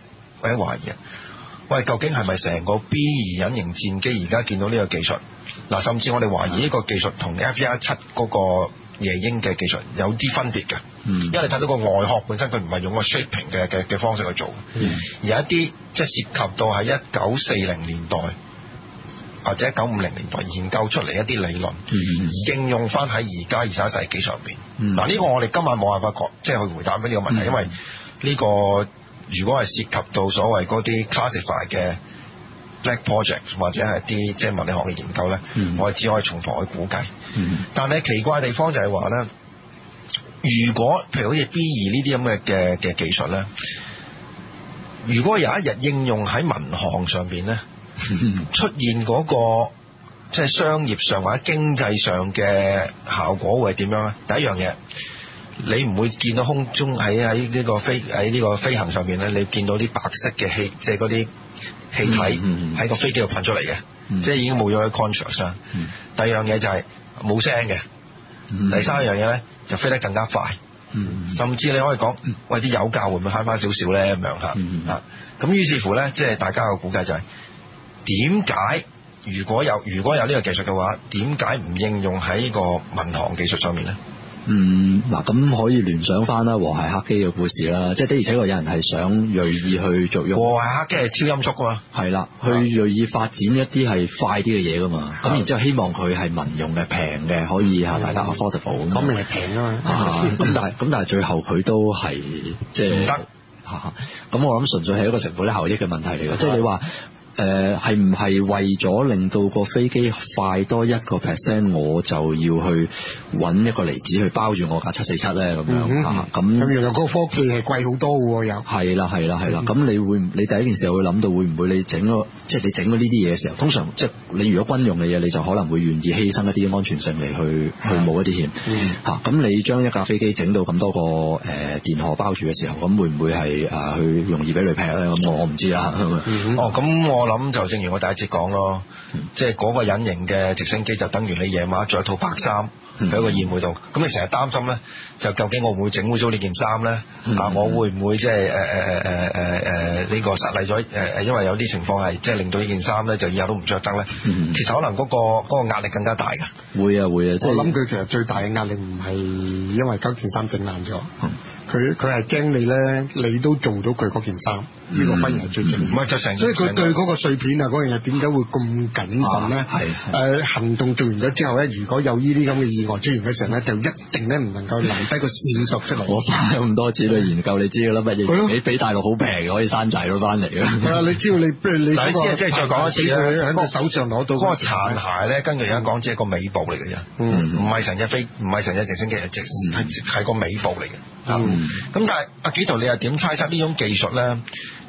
一懷疑。喂，究竟係咪成個 B 二隱形戰機而家見到呢個技術？嗱，甚至我哋懷疑呢個技術同 F 一七嗰個夜鷹嘅技術有啲分別嘅。嗯，因為你睇到個外殼本身佢唔係用個 shaping 嘅嘅嘅方式去做。嗯、而一啲即係涉及到喺一九四零年代或者一九五零年代研究出嚟一啲理論，嗯，應用翻喺而家二十一世紀上邊。嗱、嗯、呢、這個我哋今晚冇辦法講，即係去回答翻呢個問題，嗯、因為呢、這個。如果係涉及到所謂嗰啲 classified 嘅 black project 或者係啲即係物理學嘅研究咧，嗯、我哋只可以從旁去估計。嗯、但係奇怪嘅地方就係話咧，如果譬如好似 B 二呢啲咁嘅嘅嘅技術咧，如果有一日應用喺民航上邊咧，嗯、出現嗰、那個即係、就是、商業上或者經濟上嘅效果會係點樣咧？第一樣嘢。你唔會見到空中喺喺呢個飛喺呢個飛行上面咧，你見到啲白色嘅氣，即係嗰啲氣體喺個飛機度噴出嚟嘅，mm-hmm. 即係已經冇咗喺 contract 上。Mm-hmm. 第二樣嘢就係冇聲嘅。Mm-hmm. 第三樣嘢咧就飛得更加快。Mm-hmm. 甚至你可以講，喂，啲油價會唔會慳翻少少咧咁樣吓，咁、mm-hmm. 於是乎咧，即係大家嘅估計就係點解如果有如果有呢個技術嘅話，點解唔應用喺呢個民航技術上面咧？嗯，嗱咁可以聯想翻啦，和諧客機嘅故事啦，即係的而且確有人係想鋭意去做用。和諧客機係超音速噶，係啦，去鋭意發展一啲係快啲嘅嘢噶嘛。咁然之後希望佢係民用嘅、平嘅，可以嚇大家 affordable 咁。明係平啊嘛。咁但係咁但係最後佢都係即係唔得。咁我諗純粹係一個成本效益嘅問題嚟㗎，即係你話。誒、呃，係唔係為咗令到個飛機快多一個 percent，我就要去揾一個離子去包住我架七四七咧？咁、嗯、樣啊？咁咁又又嗰個科技係貴好多嘅，又係啦，係啦，係啦。咁、嗯、你會你第一件事會諗到會唔會你整咗即係你整咗呢啲嘢嘅時候，通常即係、就是、你如果軍用嘅嘢，你就可能會願意犧牲一啲安全性嚟，去去冒一啲險吓。咁、嗯啊、你將一架飛機整到咁多個誒、呃、電荷包住嘅時候，咁會唔會係啊去容易俾雷劈咧？咁我我唔知道、嗯、啊。哦，咁我。我諗就正如我第一節講咯，即係嗰個隱形嘅直升機就等於你夜晚着一套白衫喺、嗯、個宴會度，咁你成日擔心咧，就究竟我會唔會整污糟呢件衫咧？啊，我會唔會即係誒誒誒誒誒誒呢個失禮咗？誒、呃、誒，因為有啲情況係即係令到呢件衫咧，就以後都唔着得咧。其實可能嗰、個嗰、個、壓力更加大㗎。會啊會啊，我諗佢其實最大嘅壓力唔係因為嗰件衫整爛咗，佢佢係驚你咧，你都做到佢嗰件衫。呢、這個軍人最重要，唔係就成。所以佢對嗰個碎片啊，為那麼啊，嗰樣嘢點解會咁謹慎咧？係誒行動做完咗之後咧，如果有呢啲咁嘅意外出現嘅時候咧，就一定咧唔能夠留低個線索出嚟、嗯。我花咗咁多錢去研究，你知啦，乜嘢？你俾大陸好平，可以山寨咗翻嚟嘅。係啊！你知道你，不如你嗱，即係、就是、再講一次啦。喺個手上攞到個殘骸咧，根據香港只係個尾部嚟嘅啫。唔係成日飛，唔係成日直升機係直係個尾部嚟嘅。嗯，咁但係阿幾頭，你又點猜測呢種技術咧？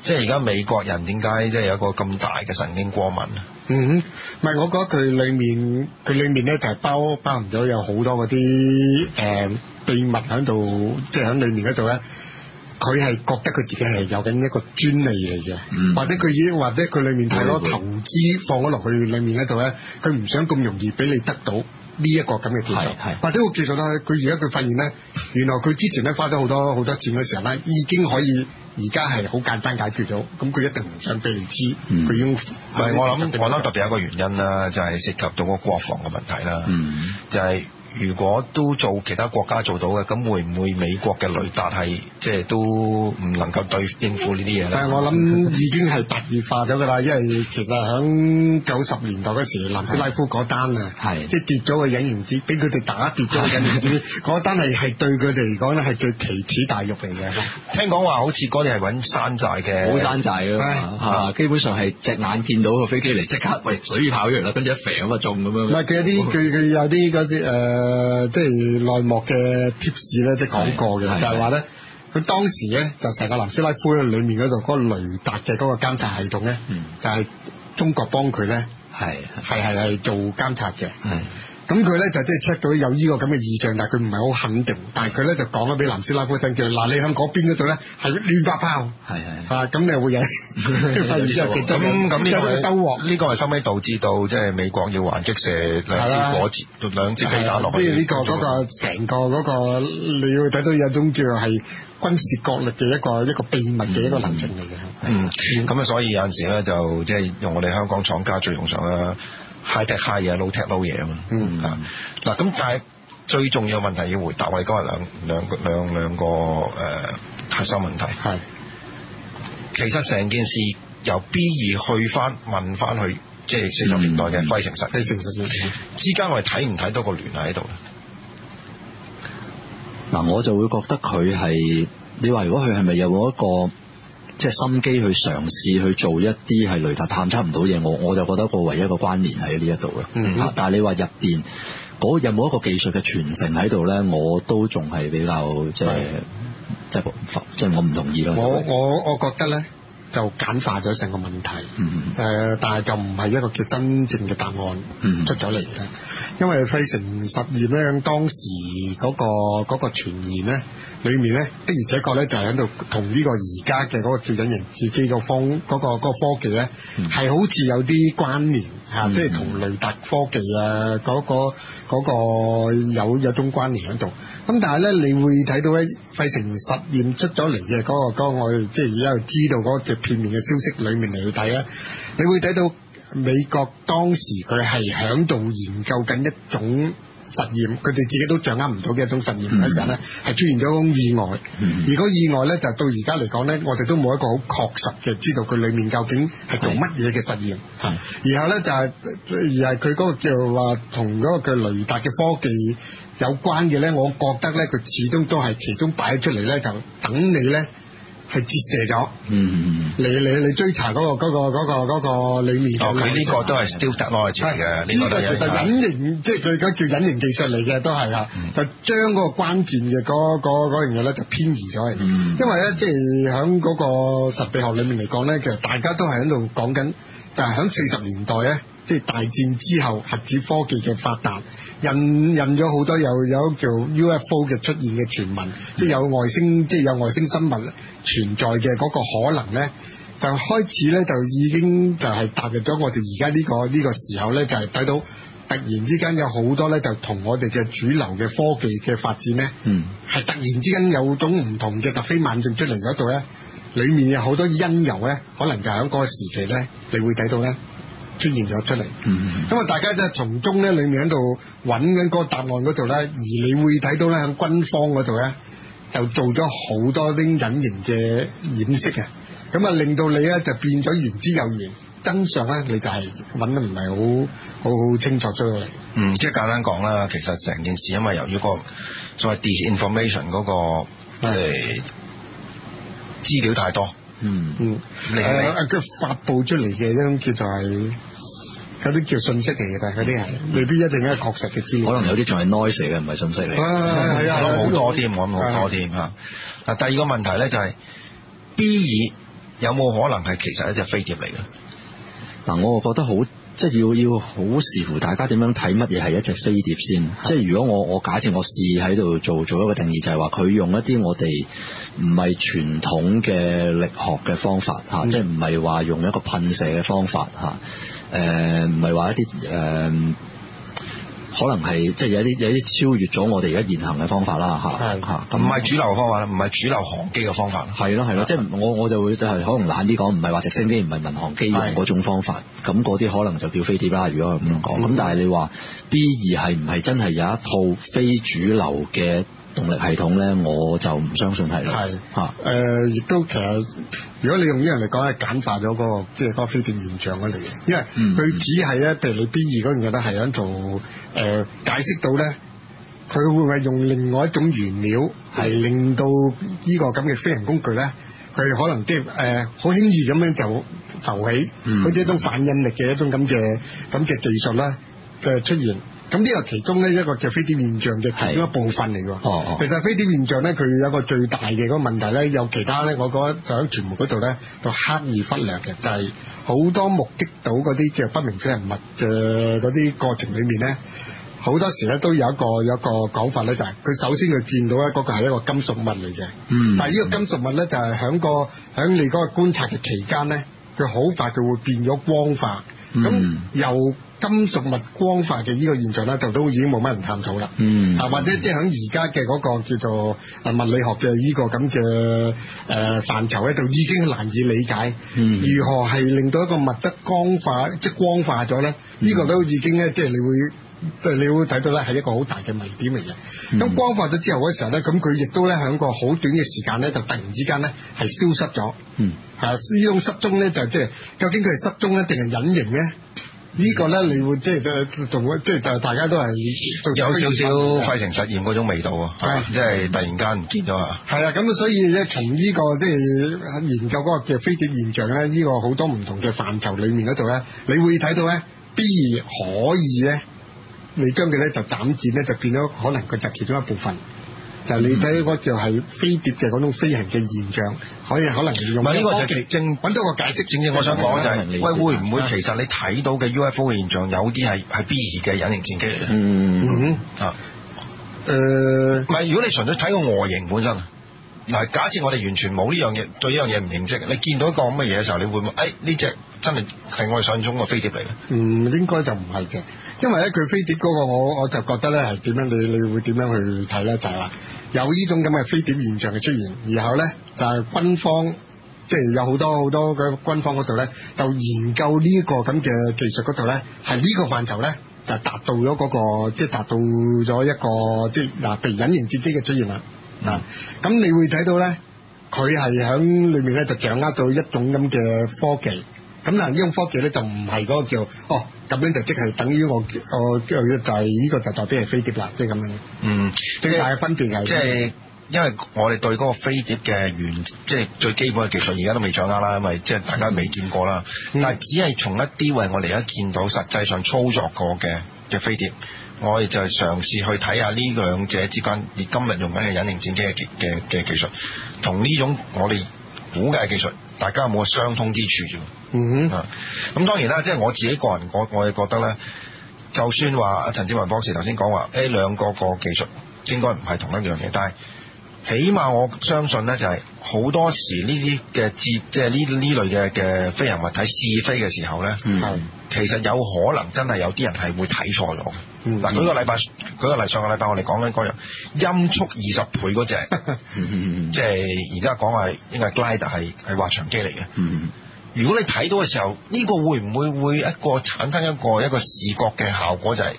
即係而家美國人點解即係有一個咁大嘅神經過敏啊？嗯，唔係我覺得佢裏面佢裏面咧就係包包含咗有好多嗰啲誒秘密喺度，即係喺裏面嗰度咧，佢係覺得佢自己係有緊一個專利嚟嘅、嗯，或者佢已經或者佢裏面太多投資放咗落去裏面嗰度咧，佢唔想咁容易俾你得到呢一個咁嘅技術，或者我記得咧，佢而家佢發現咧，原來佢之前咧花咗好多好 (laughs) 多錢嘅時候咧，已經可以。而家係好簡單解決咗，咁佢一定唔想俾你知，佢已經，唔係我諗，我諗特別有一個原因啦，就係、是、涉及到個國防嘅問題啦，嗯，就係、是。如果都做其他國家做到嘅，咁會唔會美國嘅雷達係即係都唔能夠對應付呢啲嘢咧？但係我諗已經係特異化咗噶啦，因為其實響九十年代嗰時，南斯拉夫嗰單啊，係即係跌咗個隱形機，俾佢哋打跌咗個隱形機，嗰單係係對佢哋嚟講咧係最奇恥大辱嚟嘅。聽講話好似嗰啲係揾山寨嘅，好山寨啊。基本上係隻眼見到個飛機嚟，即刻喂水跑出嚟啦，跟住一射咁啊中咁樣。唔係佢有啲佢佢有啲嗰啲誒。誒、呃，即係內幕嘅 tips 咧，即係講過嘅，就係話咧，佢當時咧就成個南斯拉夫咧，裡面嗰度個雷達嘅嗰個監察系統咧，嗯、就係中國幫佢咧，係係係做監察嘅。咁佢咧就即係 check 到有呢個咁嘅異象，但係佢唔係好肯定。但係佢咧就講咗俾南斯拉夫聽叫，嗱你喺嗰邊嗰度咧係亂發炮，係係啊，咁你會引發 (laughs) 其他咁咁呢個呢、這個係收尾導致到即係、就是、美國要還擊射兩支火箭、兩支飛彈落去。即係呢個嗰、那個成個嗰、那個你要睇到有一種叫做係軍事角力嘅一個一個，一個秘密嘅一個層面嚟嘅。嗯，咁啊、嗯，所以有陣時咧就即係、就是、用我哋香港廠家最用上啦。high 踢 high 嘢，low 踢 low 嘢啊嘛。嗯。嗱咁，但係最重要嘅問題要回答剛剛，我哋今日係兩兩兩兩個誒、呃、核心問題。係。其實成件事由 B 二去翻問翻去，即係四十年代嘅費城實。費、嗯、之間我哋睇唔睇到個聯繫喺度咧？嗱，我就會覺得佢係你話，如果佢係咪有嗰一個？即係心機去嘗試去做一啲係雷達探測唔到嘢，我我就覺得個唯一一個關聯喺呢一度啦。但係你話入邊嗰有冇一個技術嘅傳承喺度咧？我都仲係比較即係即係即係我唔同意咯。我我我覺得咧就簡化咗成個問題。嗯呃，但係就唔係一個叫真正嘅答案出咗嚟嘅，因為費城實驗咧當時嗰個嗰個傳言咧。裡面呢的而且確呢，就係喺度同呢個而家嘅嗰個超隱形戰機個方嗰個科技呢，係、嗯、好似有啲關聯嚇、啊嗯，即係同雷達科技啊嗰、嗰個、嗰個、有有一種關聯喺度。咁但係呢，你會睇到呢費城實驗出咗嚟嘅嗰個我個，即係而家知道嗰只片面嘅消息裡面嚟去睇呢，你會睇到美國當時佢係喺度研究緊一種實驗，佢哋自己都掌握唔到嘅一種實驗嗰陣咧，係、mm-hmm. 出現咗一種意外。Mm-hmm. 而嗰意外咧，就到而家嚟講咧，我哋都冇一個好確實嘅知道佢裡面究竟係做乜嘢嘅實驗。係、mm-hmm. 然後咧就係，而係佢嗰個叫做話同嗰個嘅雷達嘅科技有關嘅咧，我覺得咧，佢始終都係其中擺出嚟咧，就等你咧。係折射咗，嗯，你你你追查嗰、那個嗰、那個嗰個嗰個裡面。哦，佢、這、呢個都、就、係、是、stealth technology 呢個都係隱形，即係佢叫隱形技術嚟嘅都係啦、嗯，就將嗰個關鍵嘅嗰嗰嗰樣嘢呢就偏移咗去、嗯。因為呢，即係喺嗰個實地學裏面嚟講呢，其實大家都係喺度講緊，就係喺四十年代呢，即、就、係、是、大戰之後，核子科技嘅發達。引引咗好多有有叫 UFO 嘅出現嘅傳聞，即係有外星即係有外星生物存在嘅個可能咧，就開始咧就已經就係踏入咗我哋而家呢個呢個時候咧，就係睇到突然之間有好多咧就同我哋嘅主流嘅科技嘅發展咧，嗯，係突然之間有種唔同嘅突飛猛進出嚟度咧，裏面有好多因由咧，可能就響個時期咧，你會睇到咧。出現咗出嚟，嗯嗯，咁啊大家即係從中咧，裏面喺度揾緊個答案度咧，而你會睇到咧，響軍方度咧，就做咗好多啲隱形嘅掩飾嘅，咁啊令到你咧就變咗言之有義，真相咧你就係揾得唔係好好好清楚出嚟。嗯，即係簡單講啦，其實成件事因為由於、嗰個所謂 disinformation 嗰、嗰個誒資料太多。嗯嗯，係、嗯、啊，佢、嗯、發佈出嚟嘅一種叫做係嗰啲叫信息嚟嘅，但係嗰啲係未必一定係確實嘅資料。可能有啲仲係 noise 嘅，唔係信息嚟。啊、嗯，係啊，好多添，我諗好多添吓，嗱、嗯，嗯嗯、第二個問題咧就係 B 二有冇可能係其實一隻飛碟嚟嘅？嗱，我又覺得好。即係要要好視乎大家點樣睇乜嘢係一隻飛碟先。即係如果我我假設我試喺度做做一個定義，就係話佢用一啲我哋唔係傳統嘅力學嘅方法嚇，嗯、即係唔係話用一個噴射嘅方法嚇，誒唔係話一啲誒。呃可能係即係有啲有啲超越咗我哋而家現行嘅方法啦嚇嚇，唔係主流方法，唔係主，主流航機嘅方法。係咯係咯，即係我我就會就係可能懶啲講，唔係話直升機唔係民航機用嗰種方法，咁嗰啲可能就叫飛碟啦。如果咁講，咁但係你話 B 二係唔係真係有一套非主流嘅？動力系統咧，我就唔相信係啦係吓誒，亦都其實，如果你用呢樣嚟講，係簡化咗嗰個，即係嗰個飛電現象嘅嚟嘅。因為佢只係咧，譬、嗯、如你 B 二嗰樣嘢咧，係響做誒解釋到咧，佢會唔會用另外一種原料係令到呢個咁嘅飛行工具咧，佢可能即係誒好輕易咁樣就浮起，好、嗯、似一種反引力嘅一種咁嘅咁嘅技術咧嘅出現。咁呢個其中呢一個嘅飛碟現象嘅其中一部分嚟㗎。哦，其實飛碟現象咧，佢有一個最大嘅嗰個問題咧，有其他咧，我覺得就喺傳媒嗰度咧，就刻意忽略嘅就係好多目擊到嗰啲嘅不明飛行物嘅嗰啲過程裡面咧，好多時咧都有一個有一個講法咧，就係佢首先佢見到咧嗰個係一個金屬物嚟嘅。嗯。但係呢個金屬物咧，就係響個響你嗰個觀察嘅期間咧，佢好快佢會變咗光化。嗯，嗯。咁又。金屬物光化嘅呢個現象咧，就都已經冇乜人探討啦。嗯，啊、嗯、或者即係喺而家嘅嗰個叫做啊物理學嘅呢個咁嘅誒範疇咧，就已經難以理解，如何係令到一個物質光化即係光化咗咧？呢、嗯這個都已經咧，即、就、係、是、你會，你會睇到咧，係一個好大嘅問題嚟嘅。咁、嗯、光化咗之後嘅時候咧，咁佢亦都咧喺個好短嘅時間咧，就突然之間咧係消失咗，嗯，係、啊、呢種失蹤咧、就是，就即係究竟佢係失蹤咧，定係隱形咧？呢、這個咧，你會即係同即係就大家都係有少少費城實驗嗰種味道啊！即係突然間唔見咗啊！係啊，咁所以咧，從呢個即係研究嗰個嘅飛碟現象咧，呢、這個好多唔同嘅範疇裡面嗰度咧，你會睇到咧，必然可以咧，你將佢咧就斬斷咧，就變咗可能佢就其中一部分。就是、你睇嗰就係飛碟嘅種飛行嘅現象，可以可能用，嗯。唔係呢個就正揾到個解釋，正正我想講就係、是，喂，會唔會其實你睇到嘅 UFO 嘅現象有啲係係 B 二嘅隱形戰機嚟嘅？嗯嗯啊，誒，唔係，如果你純粹睇個外形本身嗱，假設我哋完全冇呢樣嘢，對呢樣嘢唔認識，你見到一個咁嘅嘢嘅時候，你會冇？誒、哎，呢隻真係係我哋上種嘅飛碟嚟嘅？唔、嗯、應該就唔係嘅，因為咧，佢飛碟嗰、那個我我就覺得咧係點樣？你你會點樣去睇咧？就係、是、話有呢種咁嘅飛碟現象嘅出現，然後咧就係軍方，即、就、係、是、有好多好多嘅軍方嗰度咧，就研究呢一個咁嘅技術嗰度咧，係呢個範疇咧就達到咗嗰、那個，即、就、係、是、達到咗一個即係嗱，譬如隱形戰機嘅出現啦。啊、嗯！咁你會睇到咧，佢係喺裏面咧就掌握到一種咁嘅科技。咁但，呢種科技咧就唔係嗰個叫哦咁樣就即係等於我我又要就係呢個就代表係飛碟啦，即係咁樣。嗯，最大嘅分別係即係因為我哋對嗰個飛碟嘅原即係、就是、最基本嘅技術，而家都未掌握啦，因為即係大家未見過啦、嗯。但係只係從一啲為我哋而家見到實際上操作過嘅嘅飛碟。我哋就係嘗試去睇下呢兩者之間，你今日用緊嘅隱形戰機嘅嘅嘅技術，同呢種我哋估計嘅技術，大家有冇相通之處啫？Mm-hmm. 嗯，啊，咁當然啦，即係我自己個人，我我係覺得咧，就算話陳志宏博士頭先講話，誒兩個個技術應該唔係同一樣嘢，但係。起碼我相信呢，就係好多時呢啲嘅節，即係呢呢類嘅嘅飛行物體試飛嘅時候呢、嗯，其實有可能真係有啲人係會睇錯咗嘅。嗱、嗯，嗰、嗯那個禮拜，嗰、那個例，上個禮拜我哋講緊嗰樣音速二十倍嗰隻，即係而家講話應該係 glider 係係滑翔機嚟嘅、嗯。如果你睇到嘅時候，呢、這個會唔會會一個產生一個一個視覺嘅效果，就係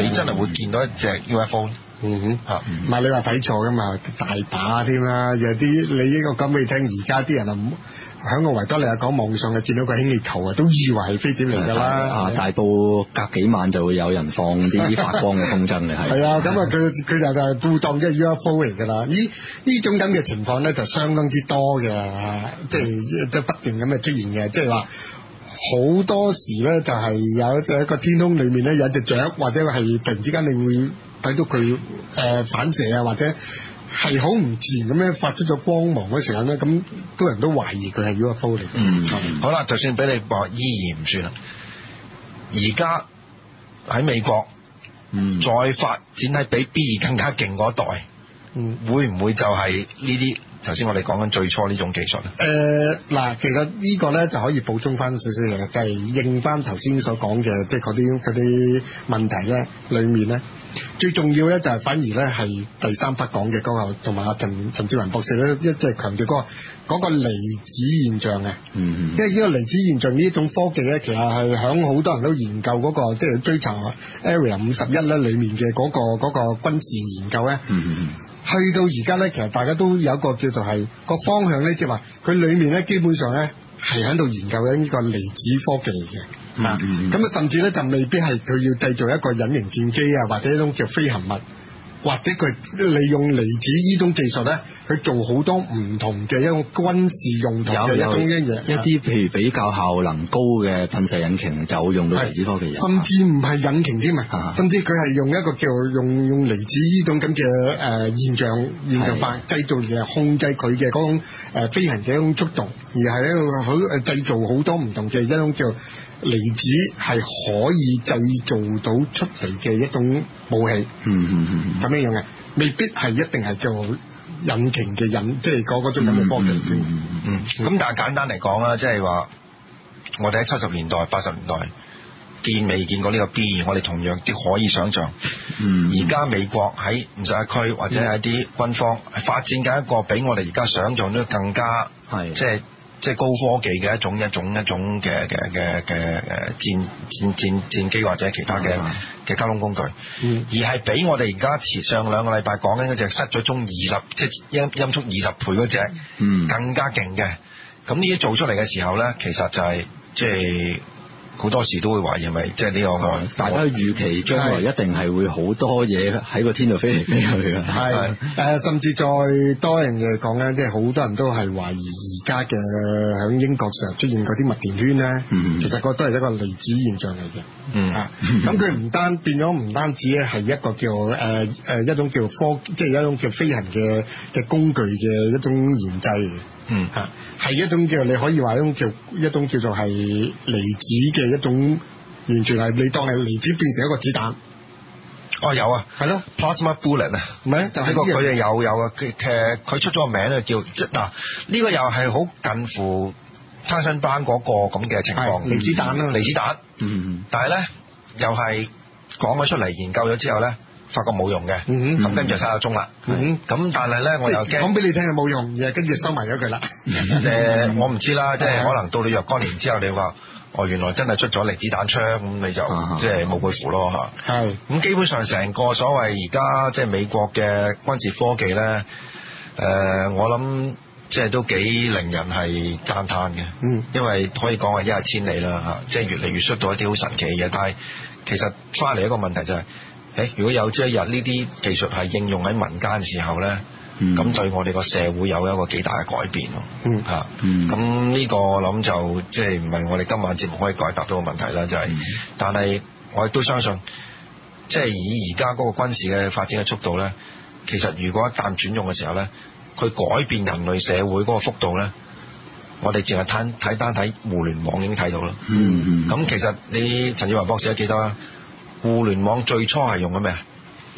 你真係會見到一隻 UFO？嗯哼，嚇、嗯，唔係你話睇錯噶嘛，大把添啦，有啲你呢個講俾你聽，而家啲人啊，喺個維多利亞港網上啊，見到個氫氣球啊，都以為係飛碟嚟噶啦。啊，大埔隔幾晚就會有人放啲發光嘅風箏嘅，係 (laughs) 係啊，咁啊，佢佢就係都當即係 UFO 嚟噶啦。呢依種咁嘅情況咧，就相當之多嘅，即係即係不斷咁嘅出現嘅，即係話好多時咧，就係有隻一個天空裡面咧，有隻雀，或者係突然之間你會。睇到佢誒反射啊，或者係好唔自然咁樣發出咗光芒嘅時候咧，咁多人都懷疑佢係 UFO 嚟。嗯，好啦，就算俾你話依然唔算啦。而家喺美國再發展喺比 B 二更加勁嗰代，嗯，會唔會就係呢啲頭先我哋講緊最初呢種技術咧？誒、呃、嗱，其實呢個咧就可以補充翻少少嘅，就係應翻頭先所講嘅，即係嗰啲嗰啲問題咧，裡面咧。最重要咧，就係反而咧，係第三匹講嘅嗰、那個，同埋阿陳陳志宏博士咧，一即係強調嗰、那個嗰離子現象嘅。嗯嗯。因為呢個離子現象呢一、mm-hmm. 種科技咧，其實係響好多人都研究嗰、那個，即、就、係、是、追查 Area 五十一咧裡面嘅嗰、那個嗰、那個、軍事研究咧。嗯嗯嗯。去到而家咧，其實大家都有一個叫做係個方向咧，即係話佢裡面咧，基本上咧係喺度研究緊呢個離子科技嘅。咁、嗯、啊、嗯，甚至咧就未必係佢要製造一個隱形戰機啊，或者一種叫飛行物，或者佢利用離子呢種技術咧，佢做好多唔同嘅一種軍事用途嘅一啲嘢。一啲譬如比較效能高嘅噴射引擎就用到離子科技嘅。甚至唔係引擎添啊！甚至佢係用一個叫用用離子呢種咁嘅誒現象現象化製造嚟控制佢嘅嗰種誒、呃、飛行嘅一種速度，而係咧佢製造好多唔同嘅一種叫。離子係可以製造到出嚟嘅一種武器，咁、嗯嗯嗯、樣樣嘅未必係一定係做引擎嘅引擎，即係嗰種咁嘅某方面嘅。咁、嗯嗯嗯、但係簡單嚟講啦，即係話我哋喺七十年代、八十年代見未見過呢個 B2，我哋同樣都可以想象。而、嗯、家美國喺五十一區或者係啲軍方、嗯、發展緊一個比我哋而家想象都更加係即係。即係高科技嘅一種一種一種嘅嘅嘅嘅嘅戰戰戰戰機或者其他嘅嘅交通工具，而係比我哋而家前上兩個禮拜講緊嗰隻失咗蹤二十即係音音速二十倍嗰隻，嗯，更加勁嘅。咁呢啲做出嚟嘅時候咧，其實就係、是、即係。好多時都會話，因為即係呢個但，大家預期將來一定係會好多嘢喺個天度飛嚟飛去啊！係甚至再多樣嘅講呢，即係好多人都係懷疑而家嘅喺英國成日出現嗰啲麥田圈咧、嗯，其實覺得係一個離子現象嚟嘅。嗯啊，咁佢唔單變咗唔單止係一個叫、呃、一種叫科，即、就、係、是、一種叫飛行嘅嘅工具嘅一種研製。嗯吓，係一種叫你可以話一種叫一種叫做係離子嘅一種，完全係你當係離子變成一個子彈，哦。哦有啊，係咯，plasma bullet 啊，係、就、呢、係呢個佢哋、就係呢個、有有啊，嘅佢出咗個名啊叫即嗱，呢、呢個又係好近乎碳身班嗰個咁嘅情況。離子彈咯，離子彈。嗯嗯。但係咧，又係講咗出嚟，研究咗之後咧。發覺冇用嘅，咁、嗯、跟住就三咗鐘啦。咁、嗯、但係咧，我又驚講俾你聽又冇用，跟住收埋咗佢啦。誒、嗯呃嗯，我唔知啦，即、嗯、係、就是、可能到你若干年之後，嗯、你話哦，原來真係出咗離子彈槍，咁、嗯、你就即係冇佩服咯，吓、嗯。係、嗯。咁、嗯、基本上成個所謂而家即係美國嘅軍事科技咧，誒、呃，我諗即係都幾令人係讚嘆嘅。嗯。因為可以講話一日千里啦，吓，即係越嚟越出到一啲好神奇嘅。但係其實翻嚟一個問題就係、是。誒，如果有朝一日呢啲技術係應用喺民間嘅時候呢，咁、嗯、對我哋個社會有一個幾大嘅改變咯。嚇、嗯，咁、嗯、呢個我諗就即係唔係我哋今晚節目可以解答到嘅問題啦，就係、是嗯。但係我亦都相信，即、就、係、是、以而家嗰個軍事嘅發展嘅速度呢，其實如果一旦轉用嘅時候呢，佢改變人類社會嗰個幅度呢，我哋淨係睇睇單睇互聯網已經睇到啦。咁、嗯嗯、其實你陳志宏博士都記得啦。互聯網最初係用緊咩？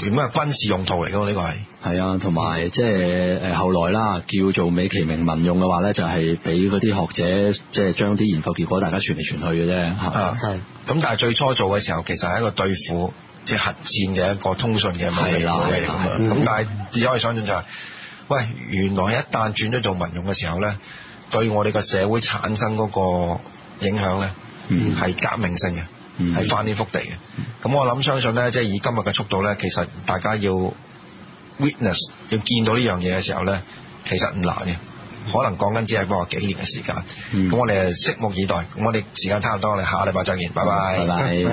原本係軍事用途嚟噶，呢個係係啊，同埋即係誒後來啦，叫做美其名民用嘅話咧，就係俾嗰啲學者即係將啲研究結果大家傳嚟傳去嘅啫。吓係、啊。咁但係最初做嘅時候，其實係一個對付即係、就是、核戰嘅一個通訊嘅武器嚟嘅。咁、啊啊啊啊、但係只、嗯、可以想象就係、是，喂，原來一旦轉咗做民用嘅時候咧，對我哋個社會產生嗰個影響咧，係革命性嘅。嗯係翻天覆地嘅，咁我諗相信咧，即係以今日嘅速度咧，其實大家要 witness 要見到呢樣嘢嘅時候咧，其實唔難嘅，可能講緊只係個幾年嘅時間。咁我哋啊，拭目以待。咁我哋時間差唔多，我哋下個禮拜再見，拜拜，拜拜，拜。